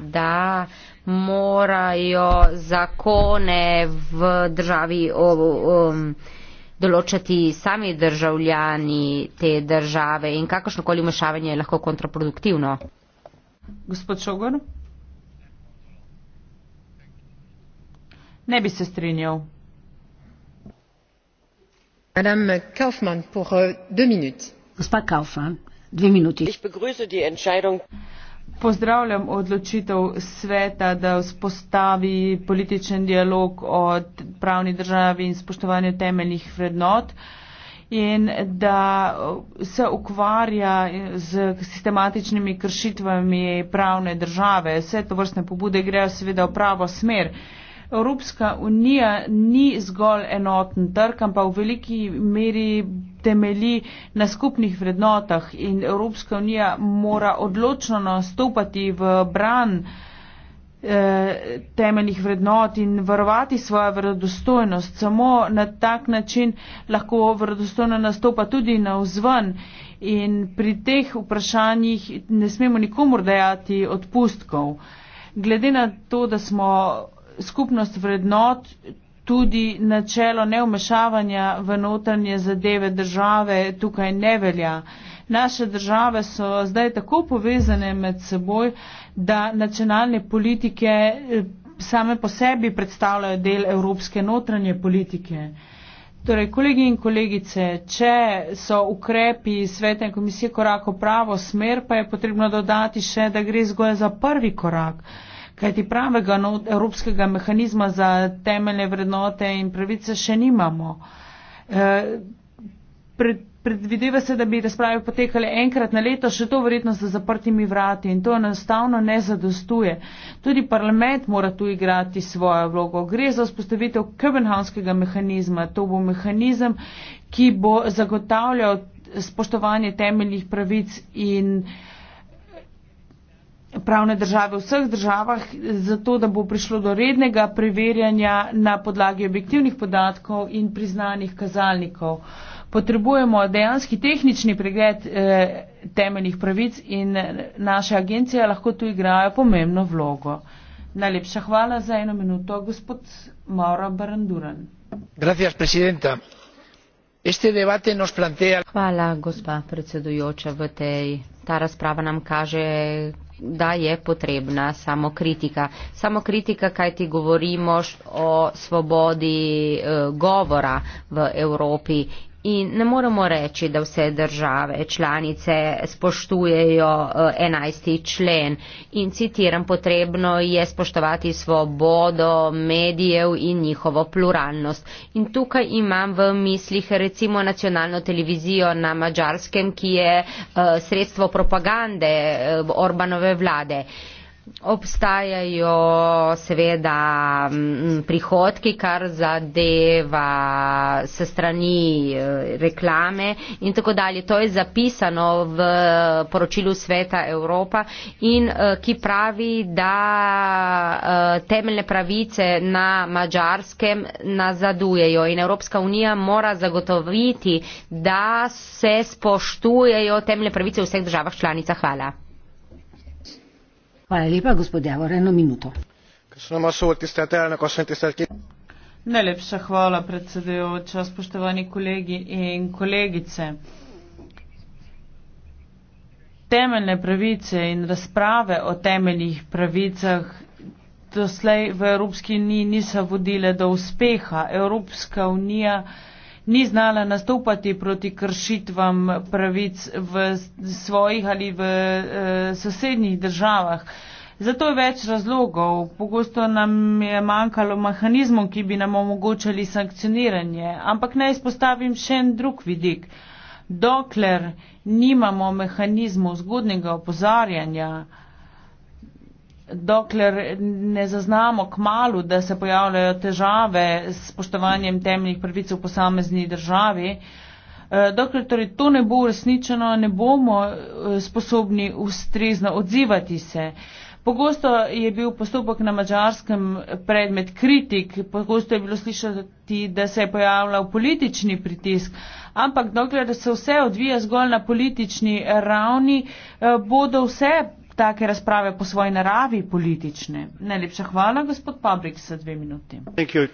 да морайо законе в държави določати sami državljani te države in kakršno koli mešavanje je lahko kontraproduktivno. Gospod Šogor? Ne bi se strinjal. Euh, ich begrüße die entscheidung pozdravljam odločitev sveta da vzpostavi političen dialog o pravni državi in spoštovanju temeljnih vrednot in da uh, se ukvarja z sistematičnimi kršitvami pravne države. Vse to vrstne pobude grejo seveda v pravo smer. Evropska unija ni zgolj enoten trg, ampak v veliki meri temelji na skupnih vrednotah in Evropska unija mora odločno nastopati v bran eh, temeljnih vrednot in varovati svojo vredostojnost. Samo na tak način lahko vredostojno nastopa tudi na vzven in pri teh vprašanjih ne smemo nikomu dajati odpustkov. Glede na to, da smo skupnost vrednot tudi načelo neumešavanja v notranje zadeve države tukaj ne velja. Naše države so zdaj tako povezane med seboj, da nacionalne politike eh, same po sebi predstavljajo del evropske notranje politike. Torej, kolegi in kolegice, če so ukrepi Svete in komisije korak v pravo smer, pa je potrebno dodati še, da gre zgolj za prvi korak kajti pravega no, evropskega mehanizma za temeljne vrednote in pravice še nimamo. E, pred, predvideva se, da bi razprave potekale enkrat na leto, še to verjetno za zaprtimi vrati in to enostavno ne zadostuje. Tudi parlament mora tu igrati svojo vlogo. Gre za vzpostavitev Kebenhavnskega mehanizma. To bo mehanizem, ki bo zagotavljal spoštovanje temeljnih pravic in uh, pravne države v vseh državah, zato da bo prišlo do rednega preverjanja na podlagi objektivnih podatkov in priznanih kazalnikov. Potrebujemo dejanski tehnični pregled eh, temeljnih pravic in naše agencije lahko tu igrajo pomembno vlogo. Najlepša hvala za eno minuto, gospod Mauro Baranduran. Gracias, presidenta. Este debate nos plantea... Hvala, gospa predsedujoča. V tej ta razprava nam kaže, da je potrebna samo kritika. Samo kritika, kaj ti govorimo o svobodi eh, govora v Evropi In ne moramo reči, da vse države članice spoštujejo 11. Eh, člen. In citiram, potrebno je spoštovati svobodo medijev in njihovo pluralnost. In tukaj imam v mislih recimo nacionalno televizijo na mačarskem, ki je eh, sredstvo propagande eh, Orbanove vlade obstajajo seveda prihodki, kar zadeva se strani e, reklame in tako dalje. To je zapisano v poročilu Sveta Evropa in e, ki pravi, da e, temeljne pravice na mađarskem nazadujejo in Evropska unija mora zagotoviti, da se spoštujejo temeljne pravice v vseh državah članica. Hvala. Najlepša hvala, predsedujoča, spoštovani kolegi in kolegice. Temeljne pravice in razprave o temeljnih pravicah doslej v Evropski uniji niso vodile do uspeha. Evropska unija ni znala nastopati proti kršitvam pravic v svojih ali v eh, sosednjih državah. Zato je več razlogov. Pogosto nam je manjkalo mehanizmov, ki bi nam omogočali sankcioniranje. Ampak naj izpostavim še en drug vidik. Dokler nimamo mehanizmov zgodnega opozarjanja, eh, dokler ne zaznamo k malu, da se pojavljajo težave s spoštovanjem temeljnih pravic v posamezni državi, eh, dokler torej to ne bo uresničeno, ne bomo eh, sposobni ustrezno odzivati se. Pogosto je bil postopek na mačarskem predmet kritik, pogosto je bilo slišati, da se je pojavljal politični pritisk, ampak dokler se vse odvija zgolj na politični ravni, eh, bodo vse take razprave po svoji naravi politične. Najlepša hvala, gospod Pabrik, za dve minuti. You,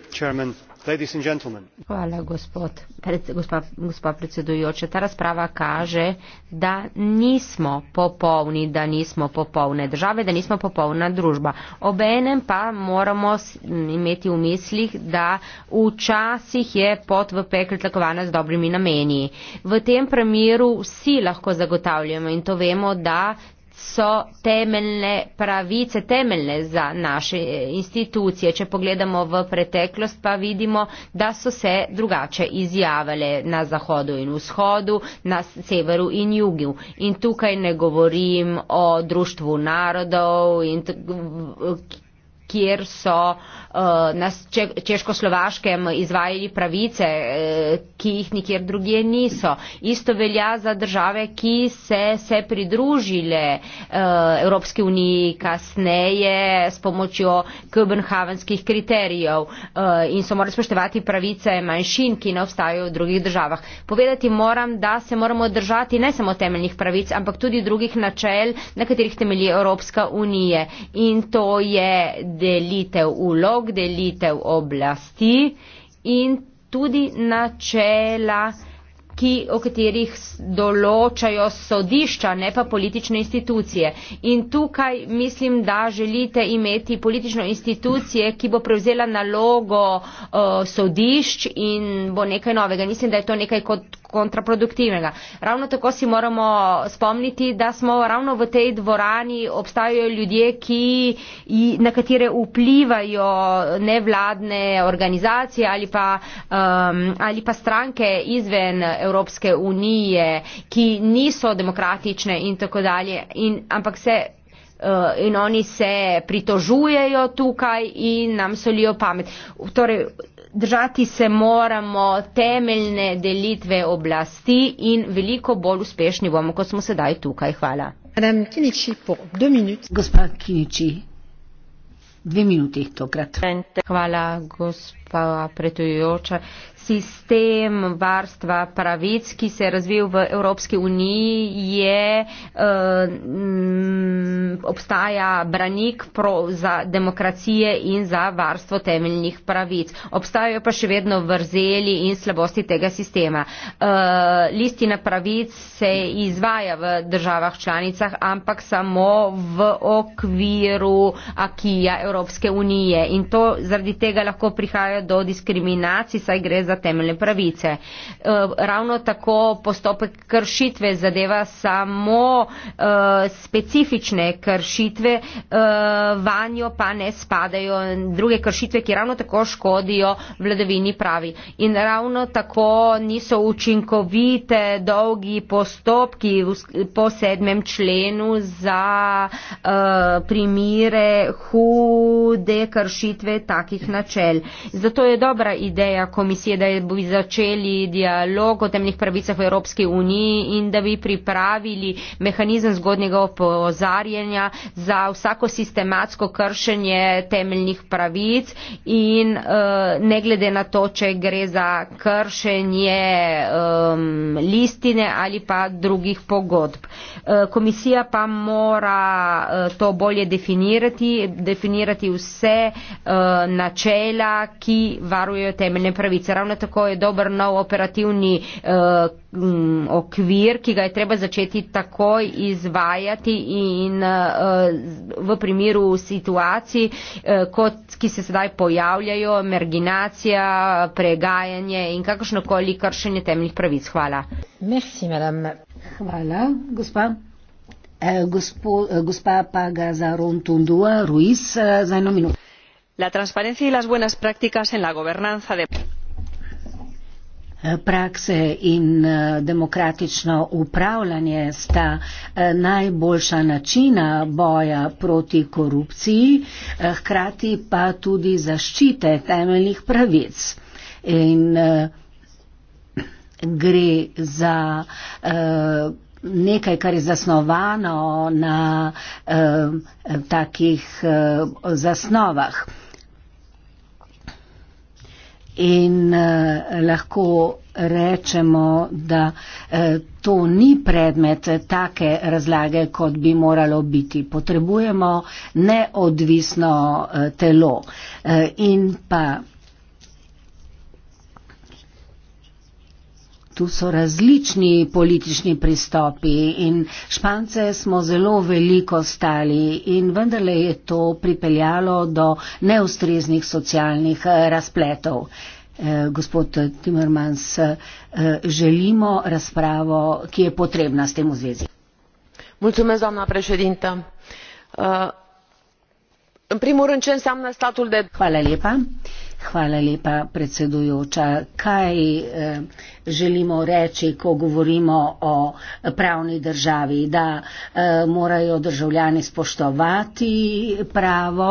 hvala, gospod, pred, gospa, gospa predsedujoča. Ta razprava kaže, da nismo popolni, da nismo popolne države, da nismo popolna družba. Obenem pa moramo imeti v mislih, da včasih je pot v pekel tlakovana z dobrimi nameni. V tem primeru vsi lahko zagotavljamo in to vemo, da so temeljne pravice, temeljne za naše institucije. Če pogledamo v preteklost, pa vidimo, da so se drugače izjavile na zahodu in vzhodu, na severu in jugu. In tukaj ne govorim o društvu narodov, kjer so uh, Eh, na češko-slovaškem izvajali pravice, eh, ki jih nikjer drugje niso. Isto velja za države, ki se, se pridružile eh, Evropske unije kasneje s pomočjo Kobenhavenskih kriterijev in so morali spoštevati pravice manjšin, ki ne obstajajo v drugih državah. Povedati moram, da se moramo držati ne samo temeljnih pravic, ampak tudi drugih načel, na katerih temelji Evropska unija in to je delitev ulog rok delitev oblasti in tudi načela, ki, o katerih določajo sodišča, ne pa politične institucije. In tukaj mislim, da želite imeti politično institucije, ki bo prevzela nalogo uh, sodišč in bo nekaj novega. Mislim, da je to nekaj, kot, kontraproduktivnega. Ravno tako si moramo spomniti, da smo ravno v tej dvorani obstajajo ljudje, ki, na katere vplivajo nevladne organizacije ali pa, um, ali pa stranke izven Evropske unije, ki niso demokratične in tako dalje. In, ampak se. Uh, in oni se pritožujejo tukaj in nam solijo pamet. Torej, držati se moramo temeljne delitve oblasti in veliko bolj uspešni bomo, kot smo sedaj tukaj. Hvala. Gospa Kiniči, dve minuti tokrat. Hvala, gospa predujoča sistem varstva pravic, ki se je razvil v Evropski uniji, je, eh, mm, obstaja branik pro, za demokracije in za varstvo temeljnih pravic. Obstajajo pa še vedno vrzeli in slabosti tega sistema. Eh, listina pravic se izvaja v državah članicah, ampak samo v okviru akija Evropske unije. In to zaradi tega lahko prihaja do diskriminacij, saj gre za temeljne pravice. E, ravno tako postopek kršitve zadeva samo e, specifične kršitve, e, vanjo pa ne spadajo druge kršitve, ki ravno tako škodijo vladavini pravi. In ravno tako niso učinkovite dolgi postopki po sedmem členu za primire hude kršitve takih načel. Zato je dobra ideja komisije da bi začeli dialog o temnih pravicah v Evropski uniji in da bi pripravili mehanizem zgodnjega opozarjanja za vsako sistematsko kršenje temeljnih pravic in eh, ne glede na to, če gre za kršenje listine ali pa drugih pogodb. Eh, komisija pa mora eh, to bolje definirati, definirati vse načela, ki varujejo temeljne pravice. Ravno ravno tako je dober nov operativni eh, m, okvir, ki ga je treba začeti takoj izvajati in eh, v primeru situacij, eh, kot, ki se sedaj pojavljajo, merginacija, pregajanje in kakršnokoli kršenje temeljih pravic. Hvala. Merci, Hvala, gospa. Eh, gospo, eh, gospa Pagaza Rontundua Ruiz, eh, za eno minuto. La transparencia y las buenas prácticas en la gobernanza de prakse in eh, demokratično upravljanje sta eh, najboljša načina boja proti korupciji, eh, hkrati pa tudi zaščite temeljnih pravic. In gre za nekaj, kar je zasnovano na takih zasnovah in uh, lahko rečemo, da uh, to ni predmet eh, take razlage, kot bi moralo biti. Potrebujemo neodvisno uh, telo uh, in pa. Tu so različni politični pristopi in špance smo zelo veliko stali in vendarle je to pripeljalo do neustreznih socialnih eh, razpletov. Eh, gospod Timmermans, eh, želimo razpravo, ki je potrebna s tem v zvezi. Mulțumesc, doamna președintă. Uh, în primul rând, ce înseamnă statul de drept? Hvala lepa. Uh, Hvala lepa, predsedujoča. Kaj eh, želimo reči, ko govorimo o pravni državi? Da eh, morajo državljani spoštovati pravo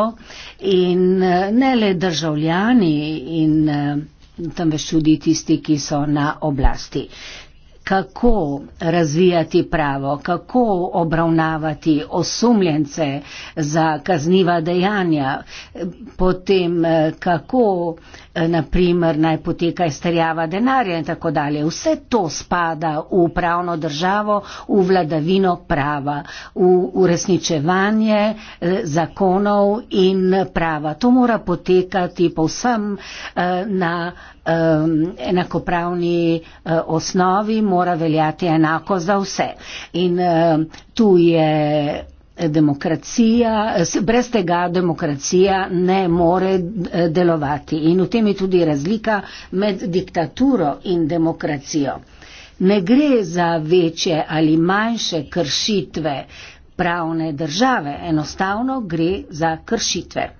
in eh, ne le državljani in. Eh, tam veš tudi tisti, ki so na oblasti kako razvijati pravo, kako obravnavati osumljence za kazniva dejanja, potem eh, kako eh, naprimer naj poteka izterjava denarja in tako dalje. Vse to spada v pravno državo, v vladavino prava, v uresničevanje eh, zakonov in prava. To mora potekati povsem na um, enakopravni uh, osnovi mora veljati enako za vse. In uh, tu je demokracija, brez tega demokracija ne more uh, delovati. In v tem je tudi razlika med diktaturo in demokracijo. Ne gre za večje ali manjše kršitve pravne države, enostavno gre za kršitve.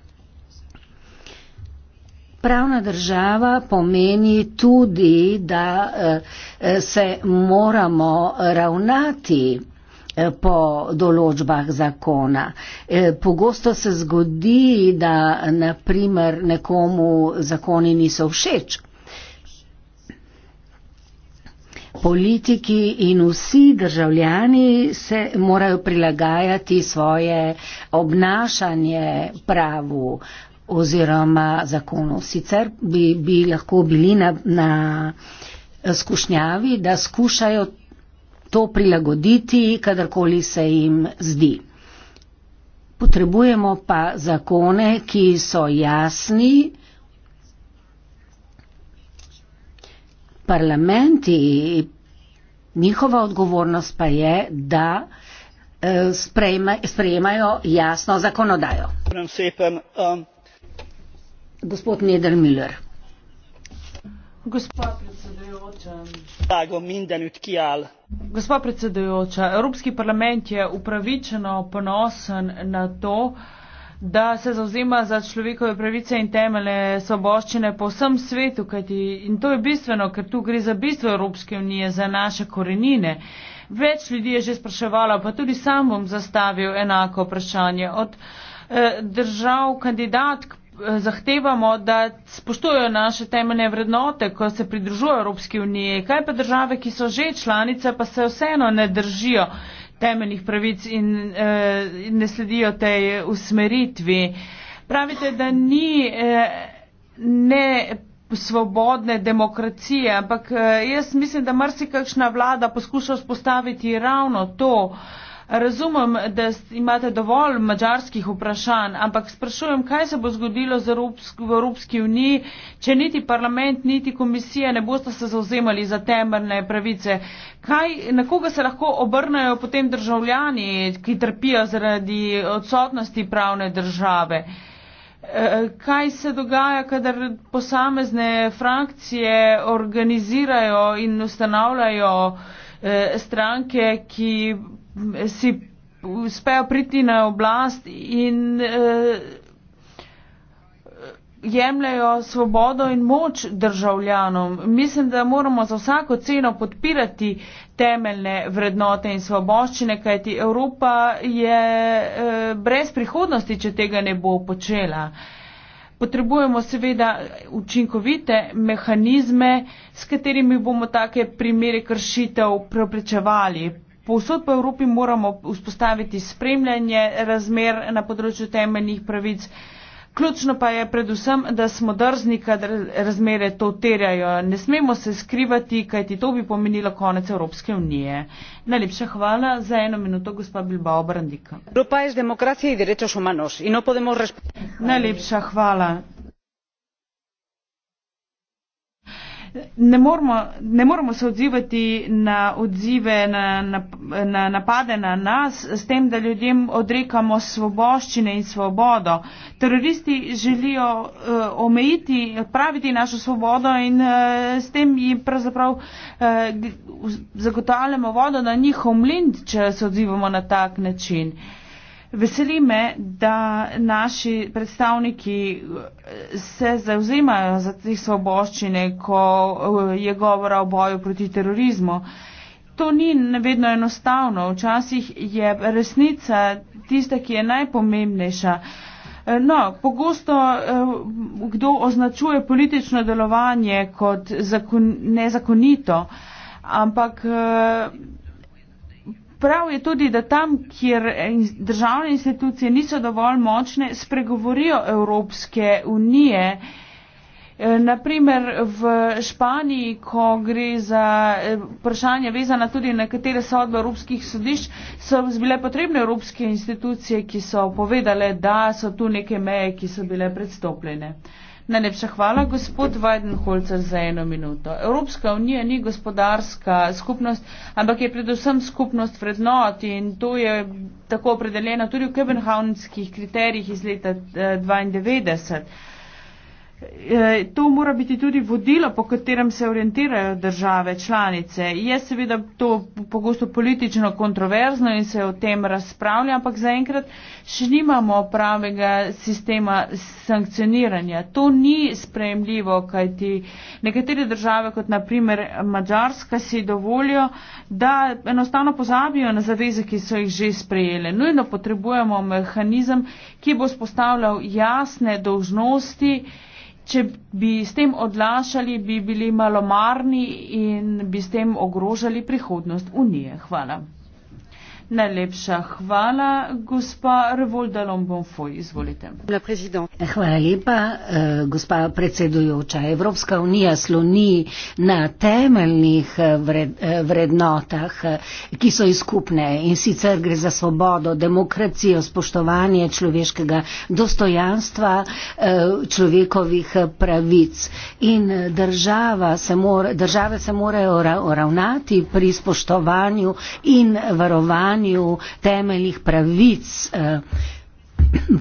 Pravna država pomeni tudi, da eh, eh, se moramo ravnati eh, po določbah zakona. Pogosto se zgodi, da naprimer nekomu zakoni niso všeč. Politiki in vsi državljani se morajo prilagajati svoje obnašanje pravu, oziroma zakonu. Sicer bi, bi lahko bili na, na skušnjavi, da skušajo to prilagoditi, kadarkoli se jim zdi. Potrebujemo pa zakone, ki so jasni. Parlamenti, njihova odgovornost pa je, da eh, sprejma, sprejemajo jasno zakonodajo. Gospod Neder Miller. Gospa predsedujoča. Tago Mindenut Kijal. Gospa predsedujoča, Evropski parlament je upravičeno ponosen na to, da se zauzema za človekove pravice in temele soboščine po vsem svetu, kajti in to je bistveno, ker tu gre za bistvo Evropske unije, za naše korenine. Več ljudi je že spraševalo, pa tudi sam bom zastavil enako vprašanje. Od eh, držav kandidatk zahtevamo, da spoštujejo naše temeljne vrednote, ko se pridružujejo Evropski uniji. Kaj pa države, ki so že članice, pa se vseeno ne držijo temeljnih pravic in eh, ne sledijo tej usmeritvi. Pravite, da ni eh, ne svobodne demokracije, ampak eh, jaz mislim, da marsikakšna vlada poskuša vzpostaviti ravno to. Eh, Razumem, da imate dovolj mađarskih vprašanj, ampak sprašujem, kaj se bo zgodilo v Evropski uniji, če niti parlament, niti komisija ne boste se zauzemali za temeljne pravice. Kaj, na koga se lahko obrnajo potem državljani, ki trpijo zaradi odsotnosti pravne države? E, kaj se dogaja, kadar posamezne frakcije organizirajo in ustanavljajo e, stranke, ki si uspejo priti na oblast in eh, jemljajo svobodo in moč državljanom. Mislim, da moramo za vsako ceno podpirati temeljne vrednote in svoboščine, kajti Evropa je eh, brez prihodnosti, če tega ne bo počela. Potrebujemo seveda učinkovite mehanizme, s katerimi bomo take primere kršitev preprečevali. Povsod po Evropi moramo vzpostaviti spremljanje razmer na področju temeljnih pravic. Ključno pa je predvsem, da smo drzni, kad razmere to terjajo. Ne smemo se skrivati, kajti to bi pomenilo konec Evropske unije. Najlepša hvala za eno minuto, gospa Bilbao Brandika. No Najlepša hvala. Ne moramo, ne moramo se odzivati na odzive, na, na, na napade na nas, s tem, da ljudem odrekamo svoboščine in svobodo. Teroristi želijo uh, omejiti, praviti našo svobodo in uh, s tem jim pravzaprav uh, zagotavljamo vodo na njihov mlind, če se odzivamo na tak način. Uh, Veseli me, da naši predstavniki eh, se zauzemajo za te svoboščine, ko eh, je govora o boju proti terorizmu. To ni vedno enostavno. Včasih je resnica tista, ki je najpomembnejša. Eh, no, pogosto kdo označuje politično delovanje kot nezakonito, ampak prav je tudi, da tam, kjer državne institucije niso dovolj močne, spregovorijo Evropske unije. E, Naprimer v Španiji, ko gre za e, vprašanje vezana tudi na katere sodbe evropskih sodišč, so bile potrebne evropske institucije, ki so povedale, da so tu neke meje, ki so bile predstopljene. Najlepša hvala, gospod Weidenholzer, za eno minuto. Evropska unija ni gospodarska skupnost, ampak je predvsem skupnost vrednot in to je tako opredeljeno tudi v Kebenhavnskih kriterijih iz leta 1992. Eh, Eh, to mora biti tudi vodilo, po katerem se orientirajo države članice. Je seveda to pogosto politično kontroverzno in se o tem razpravlja, ampak zaenkrat še nimamo pravega sistema sankcioniranja. To ni sprejemljivo, kajti nekatere države, kot naprimer Mačarska, si dovolijo, da enostavno pozabijo na zaveze, ki so jih že sprejele. Nujno potrebujemo mehanizem, ki bo spostavljal jasne dožnosti, če bi s tem odlašali, bi bili malomarni in bi s tem ogrožali prihodnost Unije. Hvala. Najlepša hvala, gospa Revoldalom Bonfoy, izvolite. Eh, hvala lepa, eh, gospa predsedujoča. Evropska unija sloni na temeljnih eh, vrednotah, ki so izkupne in sicer gre za svobodo, demokracijo, spoštovanje človeškega dostojanstva, človekovih pravic. In država se more, države se morajo ravnati pri spoštovanju in varovanju spoštovanju temeljih pravic eh,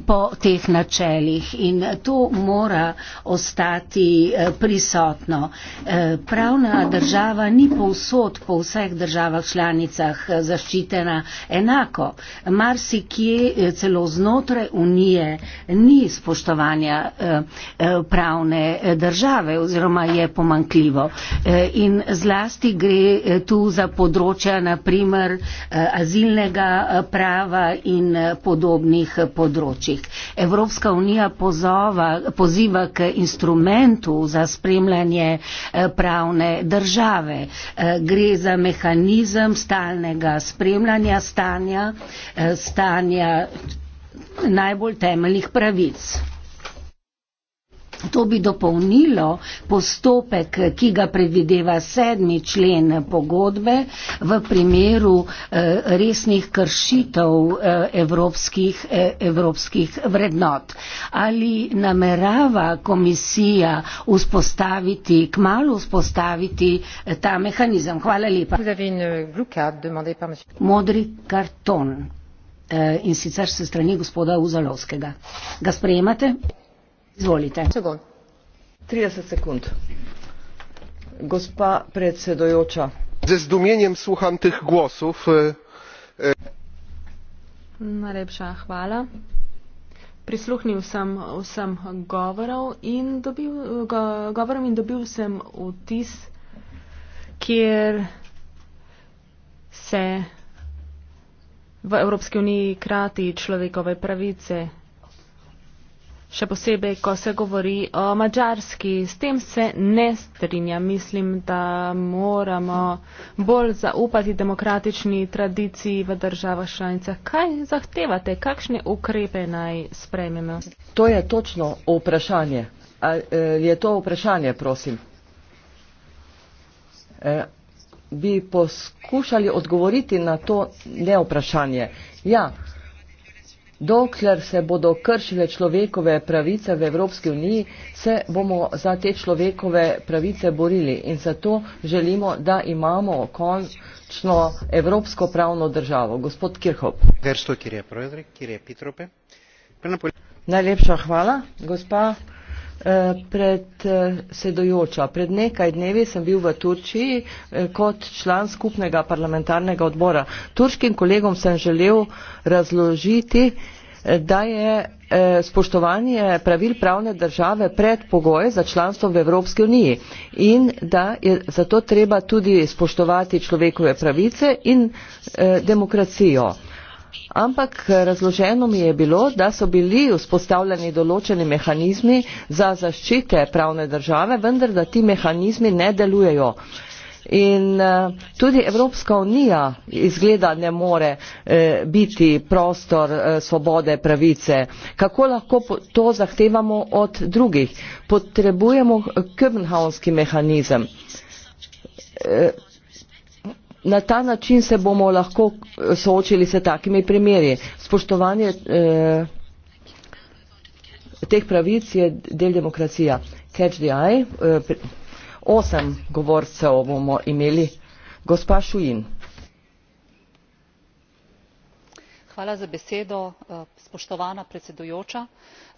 po teh načeljih in to mora ostati eh, prisotno. Eh, pravna država ni povsod po vseh državah članicah eh, zaščitena enako. Marsikje celo znotraj unije ni spoštovanja pravne države oziroma je pomankljivo. In zlasti gre tu za področja naprimer azilnega prava in podobnih področij področjih. Evropska unija pozova, poziva k instrumentu za spremljanje eh, pravne države. Eh, gre za mehanizem stalnega spremljanja stanja, eh, stanja najbolj temeljnih pravic. To bi dopolnilo postopek, ki ga predvideva sedmi člen pogodbe v primeru eh, resnih kršitev eh, evropskih, eh, evropskih vrednot. Ali namerava komisija vzpostaviti, k malu vzpostaviti ta mehanizem? Hvala lepa. Euh, Modri karton in sicer se strani gospoda Uzalovskega. Ga sprejemate? ze zdumljenjem slucham teh glasov e, e. najlepša hvala prisluhnil sem vsem govorom in dobil go, govorom in dobil sem vtis kjer se v Evropski uniji krati človekove pravice še posebej, ko se govori o mačarski. S tem se ne strinja. Mislim, da moramo bolj zaupati demokratični tradiciji v državah članicah. Kaj zahtevate? Kakšne ukrepe naj sprejmemo? To je točno vprašanje. A, e, je to vprašanje, prosim? E, bi poskušali odgovoriti na to ne vprašanje. Ja, Dokler se bodo kršile človekove pravice v Evropski uniji, se bomo za te človekove pravice borili in zato želimo, da imamo končno Evropsko pravno državo. Gospod Kirhop. Najlepša hvala, gospa. Eh, predsedujoča. Eh, pred nekaj dnevi sem bil v Turčiji eh, kot član skupnega parlamentarnega odbora. Turškim kolegom sem želel razložiti, da je spoštovanje pravil pravne države predpogoj za članstvo v Evropski uniji in da je zato treba tudi spoštovati človekove pravice in demokracijo. Ampak razloženo mi je bilo, da so bili vzpostavljeni določeni mehanizmi za zaščite pravne države, vendar da ti mehanizmi ne delujejo. In eh, tudi Evropska unija izgleda ne more eh, biti prostor eh, svobode, pravice. Kako lahko to zahtevamo od drugih? Potrebujemo Köbenhavnski mehanizem. Eh, na ta način se bomo lahko eh, soočili s takimi primeri. Spoštovanje eh, teh pravic je del demokracija. Catch the eye. Eh, osem govorcev bomo imeli. Gospa Šujin. Hvala za besedo, eh, spoštovana predsedujoča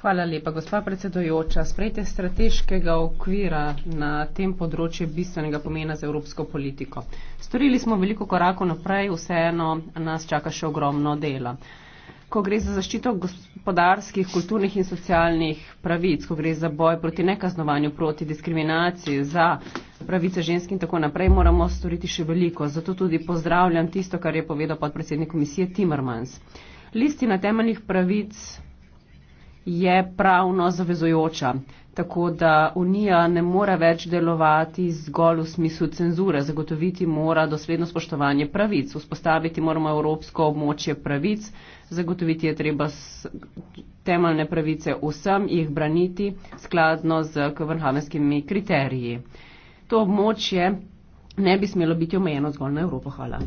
Hvala lepa, gospa predsedojoča. Sprejte strateškega okvira na tem področju bistvenega pomena za evropsko politiko. Storili smo veliko korakov naprej, vseeno nas čaka še ogromno dela. Ko gre za zaščito gospodarskih, kulturnih in socialnih pravic, ko gre za boj proti nekaznovanju, proti diskriminaciji, za pravice žensk in tako naprej, moramo storiti še veliko. Zato tudi pozdravljam tisto, kar je povedal podpredsednik komisije Timmermans. Listi na temeljnih pravic je pravno zavezojoča. Tako da Unija ne more več delovati zgolj v smislu cenzure. Zagotoviti mora dosledno spoštovanje pravic. Vzpostaviti moramo Evropsko območje pravic. Zagotoviti je treba temeljne pravice vsem, jih braniti skladno z kvrnhavenskimi kriteriji. To območje ne bi smelo biti omejeno zgolj na Evropo. Hvala.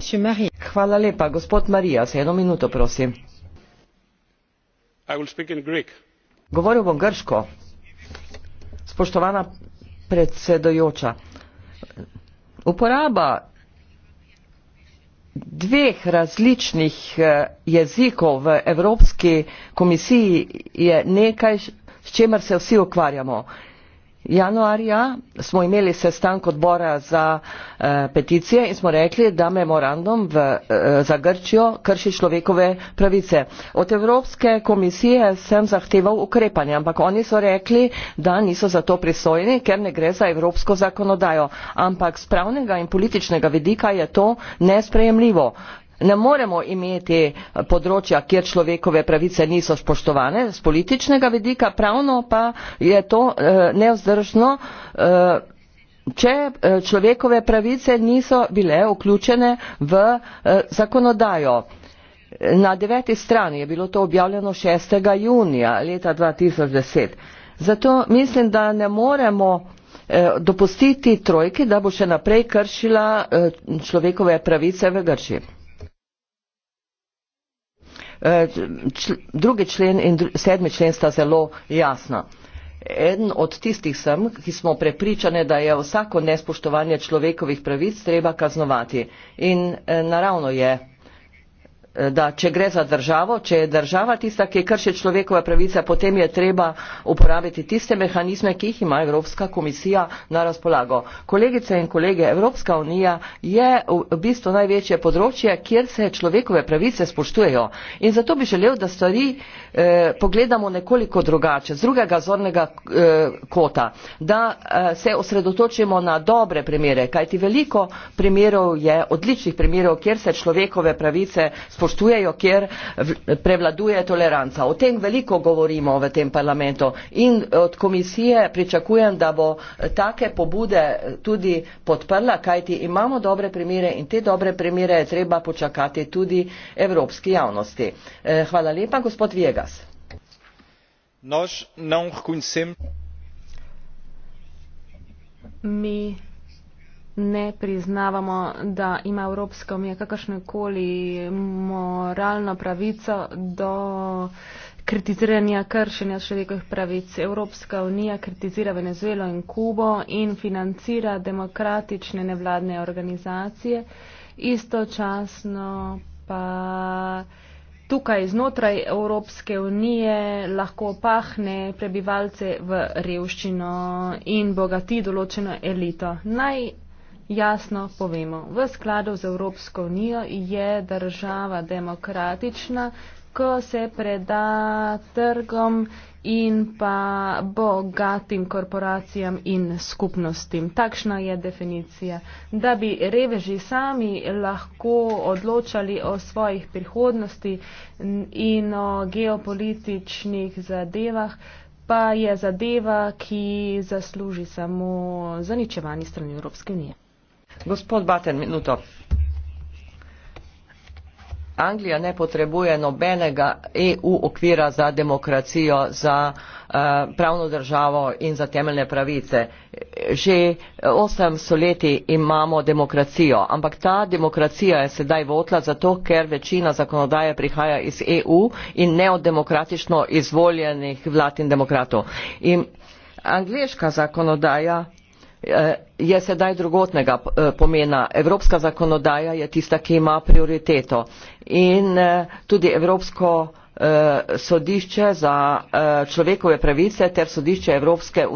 Hvala lepa. Gospod Marija, sedem minuto, prosim. Govoril bom grško. Spoštovana predsedojoča, uporaba dveh različnih eh, jezikov v Evropski komisiji je nekaj, s čemer se vsi ukvarjamo januarja smo imeli sestanek odbora za eh, peticije in smo rekli, da memorandum v, eh, za Grčijo krši človekove pravice. Od Evropske komisije sem zahteval ukrepanje, ampak oni so rekli, da niso za to prisojeni, ker ne gre za evropsko zakonodajo. Ampak z pravnega in političnega vidika je to nesprejemljivo. Ne moremo imeti področja, kjer človekove pravice niso spoštovane z političnega vidika, pravno pa je to eh, nevzdržno, eh, če eh, človekove pravice niso bile vključene v eh, zakonodajo. Na deveti strani je bilo to objavljeno 6. junija leta 2010. Zato mislim, da ne moremo eh, dopustiti trojki, da bo še naprej kršila eh, človekove pravice v Grčiji drugi člen in sedmi člen sta zelo jasna. En od tistih sem, ki smo prepričani, da je vsako nespoštovanje človekovih pravic treba kaznovati. In eh, naravno je, da če gre za državo, če je država tista, ki krši človekove pravice, potem je treba uporabiti tiste mehanizme, ki jih ima Evropska komisija na razpolago. Kolegice in kolege, Evropska unija je v bistvu največje področje, kjer se človekove pravice spoštujejo. In zato bi želel, da stvari eh, pogledamo nekoliko drugače, z drugega zornega eh, kota, da eh, se osredotočimo na dobre primere, kajti veliko primerov je, odličnih primerov, kjer se človekove pravice spoštujejo, kjer v, prevladuje toleranca. O tem veliko govorimo v tem parlamentu in od komisije pričakujem, da bo eh, take pobude eh, tudi podprla, kajti imamo dobre primere in te dobre primere je treba počakati tudi evropski javnosti. Eh, hvala lepa, gospod Vjega nós não reconhecemos Mi ne priznavamo, da ima Evropska unija kakršnekoli moralno pravico do kritiziranja kršenja človekovih pravic. Evropska unija kritizira Venezuelo in Kubo in financira demokratične nevladne organizacije, istočasno pa tukaj znotraj Evropske unije lahko pahne prebivalce v revščino in bogati določeno elito. Naj jasno povemo, v skladu z Evropsko unijo je država demokratična, ko se preda trgom in pa bogatim korporacijam in skupnostim. Takšna je definicija. Da bi reveži sami lahko odločali o svojih prihodnosti in o geopolitičnih zadevah, pa je zadeva, ki zasluži samo zaničevanje strani Evropske unije. Gospod Baten, minuto. Anglija ne potrebuje nobenega EU okvira za demokracijo, za uh, pravno državo in za temeljne pravice. Že osem stoletij imamo demokracijo, ampak ta demokracija je sedaj votla zato, ker večina zakonodaje prihaja iz EU in ne od demokratično izvoljenih vlad in demokratov. In angliška zakonodaja Eh, je sedaj drugotnega eh, pomena. Evropska zakonodaja je tista, ki ima prioriteto. In eh, tudi Evropsko sodišče za človekove pravice ter sodišče Evropske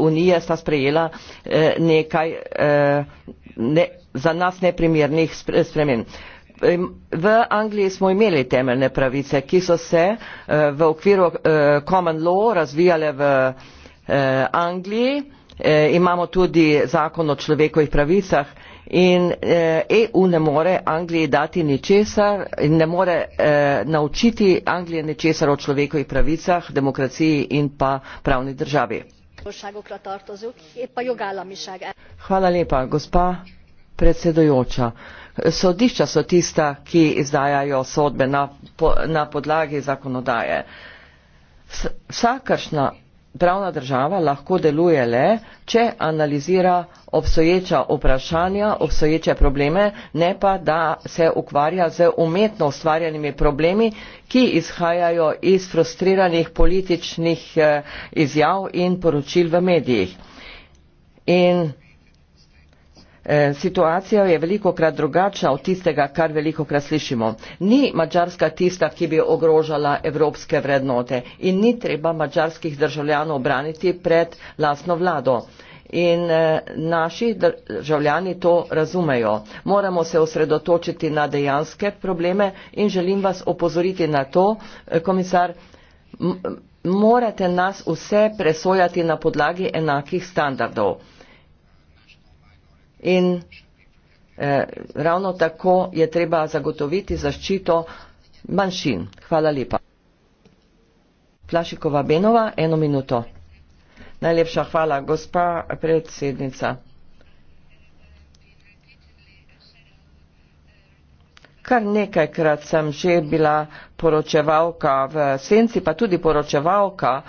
unije sta sprejela nekaj ne, za nas neprimernih spremen. V Angliji smo imeli temeljne pravice, ki so se v okviru common law razvijale v Angliji. Eh, imamo tudi zakon o človekovih pravicah in EU eh, e ne more Angliji dati ničesar in ne more eh, naučiti Anglije ničesar o človekovih pravicah, demokraciji in pa pravni državi. Hvala lepa, gospa predsedujoča. Sodišča so tista, ki izdajajo sodbe na, na podlagi zakonodaje. Vsakršna pravna država lahko deluje le, če analizira obstoječa vprašanja, obstoječe probleme, ne pa da se ukvarja z umetno ustvarjenimi problemi, ki izhajajo iz frustriranih političnih eh, izjav in poročil v medijih. In Eh, situacija je veliko krat drugačna od tistega, kar veliko krat slišimo. Ni Mačarska tista, ki bi ogrožala evropske vrednote in ni treba mačarskih državljanov obraniti pred lasno vlado. In e, naši državljani to razumejo. Moramo se osredotočiti na dejanske probleme in želim vas opozoriti na to, eh, komisar, morate nas vse presojati na podlagi enakih standardov in eh, ravno tako je treba zagotoviti zaščito manjšin. Hvala lepa. Plašikova Benova, eno minuto. Najlepša hvala, gospa predsednica. Kar nekajkrat sem že bila poročevalka v senci, pa tudi poročevalka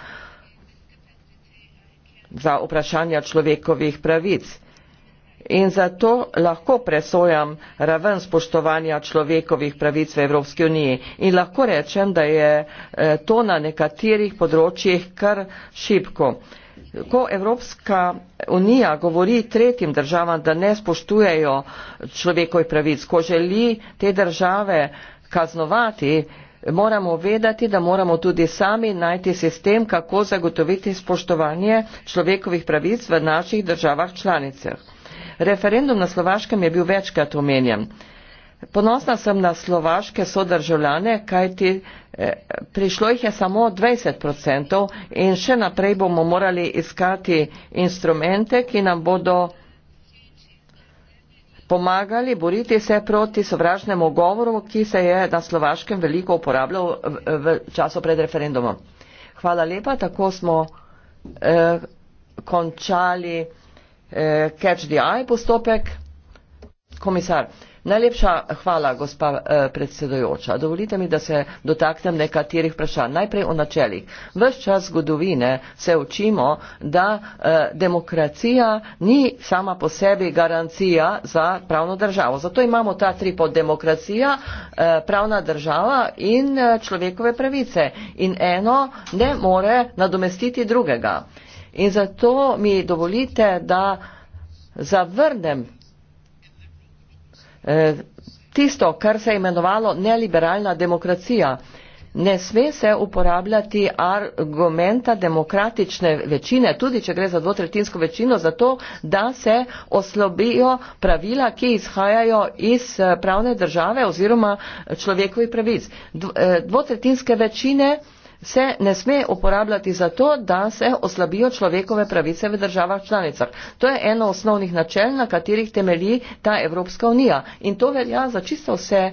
za vprašanja človekovih pravic in zato lahko presojam raven spoštovanja človekovih pravic v Evropski uniji in lahko rečem, da je eh, to na nekaterih področjih kar šipko. Ko Evropska unija govori tretjim državam, da ne spoštujejo človekovih pravic, ko želi te države kaznovati, moramo vedeti, da moramo tudi sami najti sistem, kako zagotoviti spoštovanje človekovih pravic v naših državah članicah. Referendum na Slovaškem je bil večkrat omenjen. Ponosna sem na slovaške sodržavljane, kajti eh, prišlo jih je samo 20% in še naprej bomo morali iskati instrumente, ki nam bodo pomagali boriti se proti sovražnemu govoru, ki se je na slovaškem veliko uporabljal v, v času pred referendumom. Hvala lepa, tako smo eh, končali eh, catch the eye postopek. Komisar, najlepša hvala, gospa eh, predsedojoča. Dovolite mi, da se dotaknem nekaterih vprašanj. Najprej o načelih. Ves čas zgodovine se učimo, da eh, demokracija ni sama po sebi garancija za pravno državo. Zato imamo ta tri pod demokracija, eh, pravna država in eh, človekove pravice. In eno ne more nadomestiti drugega. In zato mi dovolite, da zavrnem eh, tisto, kar se je imenovalo neliberalna demokracija. Ne sme se uporabljati argumenta demokratične večine, tudi če gre za dvotretinsko večino, zato da se oslobijo pravila, ki izhajajo iz eh, pravne države oziroma človekovih pravic. Eh, Dvotretinske večine se ne sme uporabljati za to, da se oslabijo človekove pravice v državah članicah. To je eno osnovnih načel, na katerih temelji ta Evropska unija. In to velja za čisto vse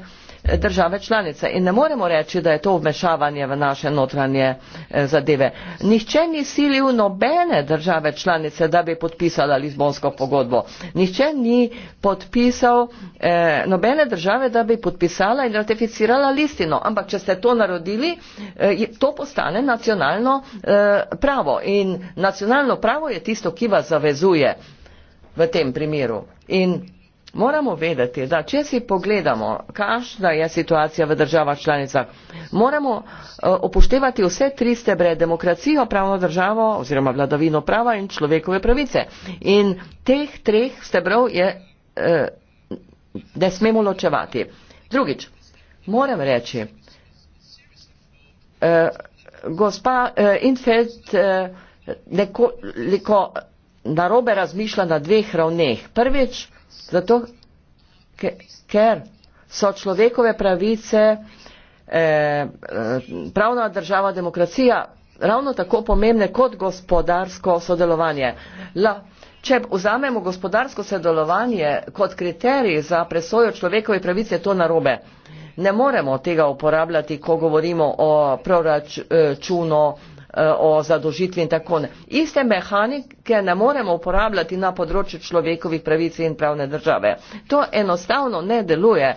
države članice. In ne moremo reči, da je to vmešavanje v naše notranje eh, zadeve. Nihče ni silil nobene države članice, da bi podpisala Lizbonsko pogodbo. Nihče ni podpisal eh, nobene države, da bi podpisala in ratificirala listino. Ampak, če ste to naredili, eh, to postane nacionalno eh, pravo. In nacionalno pravo je tisto, ki vas zavezuje v tem primeru. In Moramo vedeti, da če si pogledamo, kakšna je situacija v državah članicah, moramo eh, upoštevati vse tri stebre demokracijo, pravno državo oziroma vladavino prava in človekove pravice. In teh treh stebrov je, eh, ne smemo ločevati. Drugič, moram reči, eh, gospa Infeld nekoliko narobe razmišlja na dveh ravneh. Prvič, Zato, ker so človekove pravice, eh, eh, pravna država, demokracija ravno tako pomembne kot gospodarsko sodelovanje. La, če vzamemo gospodarsko sodelovanje kot kriterij za presojo človekove pravice, to narobe. Ne moremo tega uporabljati, ko govorimo o proračunu, Eh, o zadožitvi in tako naprej. Iste mehanike ne moremo uporabljati na področju človekovih pravic in pravne države. To enostavno ne deluje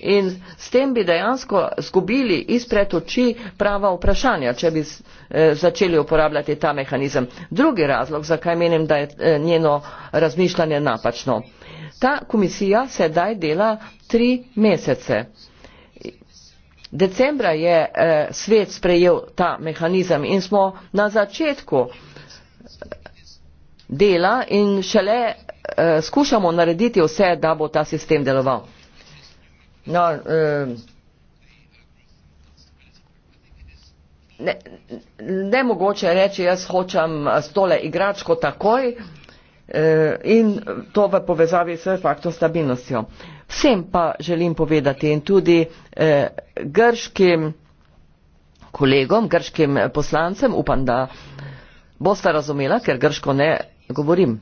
in s tem bi dejansko zgubili izpred oči prava vprašanja, če bi eh, začeli uporabljati ta mehanizem. Drugi razlog, zakaj menim, da je eh, njeno razmišljanje napačno. Ta komisija sedaj dela tri mesece. Decembra je eh, svet sprejel ta mehanizem in smo na začetku eh, dela in šele eh, skušamo narediti vse, da bo ta sistem deloval. No, eh, ne, ne mogoče reči, jaz hočem stole eh, igračko takoj eh, in to v povezavi s faktom stabilnostjo. Eh, Vsem pa želim povedati in tudi eh, grškim kolegom, grškim poslancem, upam, da boste razumela, ker grško ne govorim.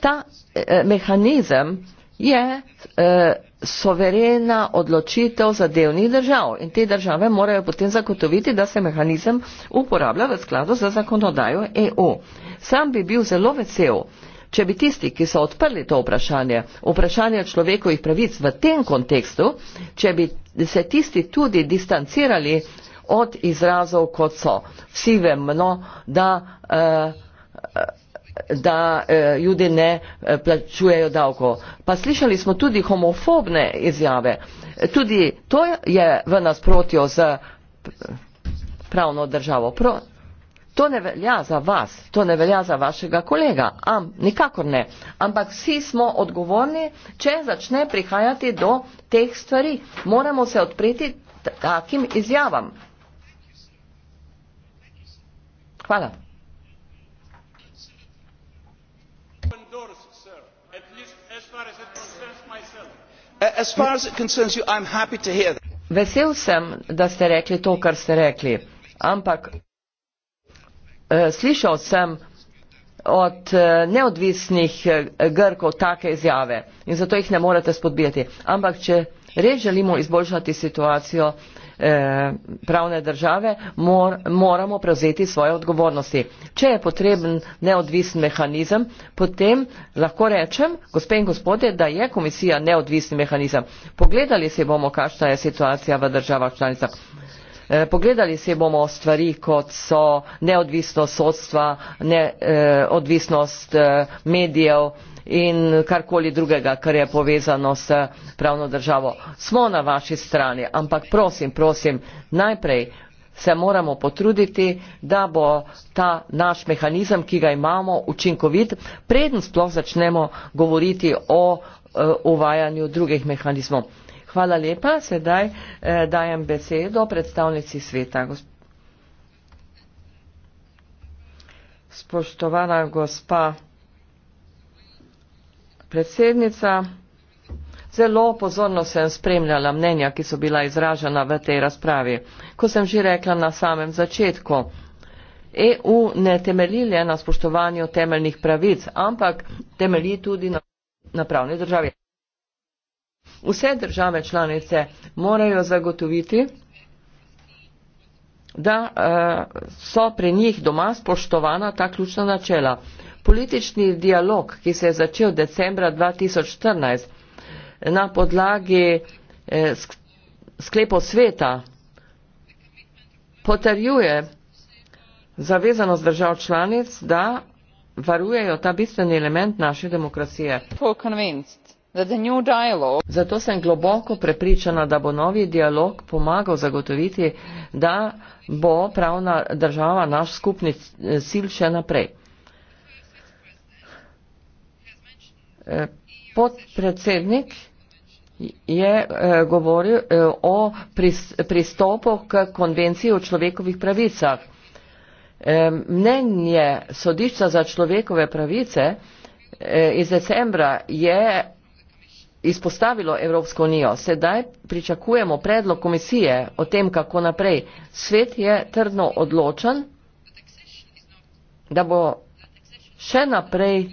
Ta eh, mehanizem je eh, soverena odločitev zadevnih držav in te države morajo potem zagotoviti, da se mehanizem uporablja v skladu z zakonodajo EU. Sam bi bil zelo vesel, Če bi tisti, ki so odprli to vprašanje, vprašanje človekovih pravic v tem kontekstu, če bi se tisti tudi distancirali od izrazov, kot so vsi vemo, da, eh, da eh, ljudi ne eh, plačujejo davko. Pa slišali smo tudi homofobne izjave. Tudi to je v nasprotju z pravno državo. Pro, To ne velja za vas, to ne velja za vašega kolega, Am, nikakor ne. Ampak vsi smo odgovorni, če začne prihajati do teh stvari. Moramo se odpreti takim izjavam. Hvala. Vesel sem, da ste rekli to, kar ste rekli. Ampak. Eh, slišal sem od eh, neodvisnih eh, Grkov take izjave in zato jih ne morete spodbijati. Ampak, če res želimo izboljšati situacijo pravne države, mor, moramo prevzeti svoje odgovornosti. Če je potreben neodvisen mehanizem, potem lahko rečem, gospe in gospode, da je komisija neodvisen mehanizem. Pogledali si bomo, kakšna je situacija v državah članicah. Eh, pogledali si bomo stvari, kot so neodvisnost sodstva, neodvisnost eh, eh, medijev in karkoli drugega, kar je povezano s pravno državo. Smo na vaši strani, ampak prosim, prosim, najprej se moramo potruditi, da bo ta naš mehanizem, ki ga imamo, učinkovit, preden sploh začnemo govoriti o uvajanju drugih mehanizmov. Hvala lepa. Sedaj eh, dajem besedo predstavnici sveta. Spoštovana gospa predsednica, zelo pozorno sem spremljala mnenja, ki so bila izražena v tej razpravi. Ko sem že rekla na samem začetku, EU ne temelji le na spoštovanju temeljnih pravic, ampak temelji tudi na, na pravni državi vse države članice morajo zagotoviti, da uh, so pri njih doma spoštovana ta ključna načela. Politični dialog, ki se je začel decembra 2014 na podlagi eh, sklepo sveta, potrjuje zavezanost držav članic, da varujejo ta bistveni element naše demokracije. Zato sem globoko prepričana, da bo novi dialog pomagal zagotoviti, da bo pravna država naš skupni eh, sil še naprej. Eh, podpredsednik je eh, govoril o pristopu k konvenciji o človekovih pravicah. Mnenje sodišča za človekove pravice iz decembra je izpostavilo Evropsko unijo. Sedaj pričakujemo predlog komisije o tem, kako naprej. Svet je trdno odločen, da bo še naprej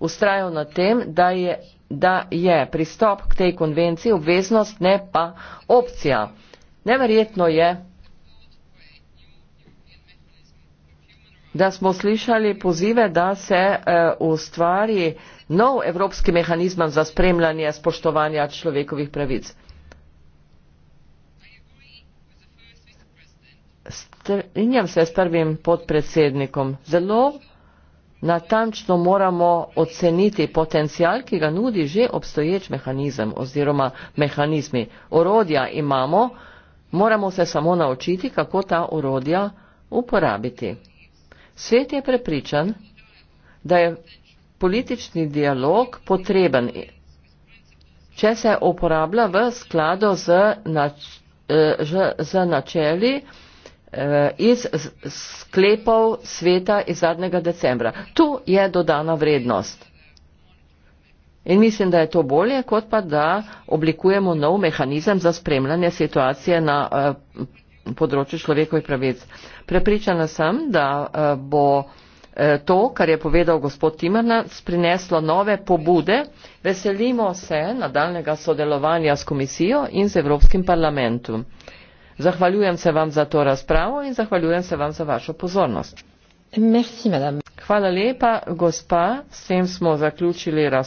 ustrajal na tem, da je, da je pristop k tej konvenciji obveznost, ne pa opcija. Neverjetno je, da smo slišali pozive, da se eh, ustvari nov evropski mehanizem za spremljanje spoštovanja človekovih pravic. Strinjam se s prvim podpredsednikom. Zelo natančno moramo oceniti potencial, ki ga nudi že obstoječ mehanizem oziroma mehanizmi. Orodja imamo, moramo se samo naučiti, kako ta orodja uporabiti. Svet je prepričan, da je politični dialog potreben, če se uporablja v skladu z, nač, eh, z, z načeli eh, iz sklepov sveta iz zadnjega decembra. Tu je dodana vrednost. In mislim, da je to bolje, kot pa da oblikujemo nov mehanizem za spremljanje situacije na uh, področju človekovih pravic. Uh, Prepričana sem, da eh, bo eh, to, kar je povedal gospod Timrnac, prineslo nove pobude. Veselimo se nadaljnega sodelovanja s komisijo in z Evropskim parlamentom. Zahvaljujem se vam za to razpravo in zahvaljujem se vam za vašo pozornost. Merci, Hvala lepa, gospa. S tem smo zaključili razpravo.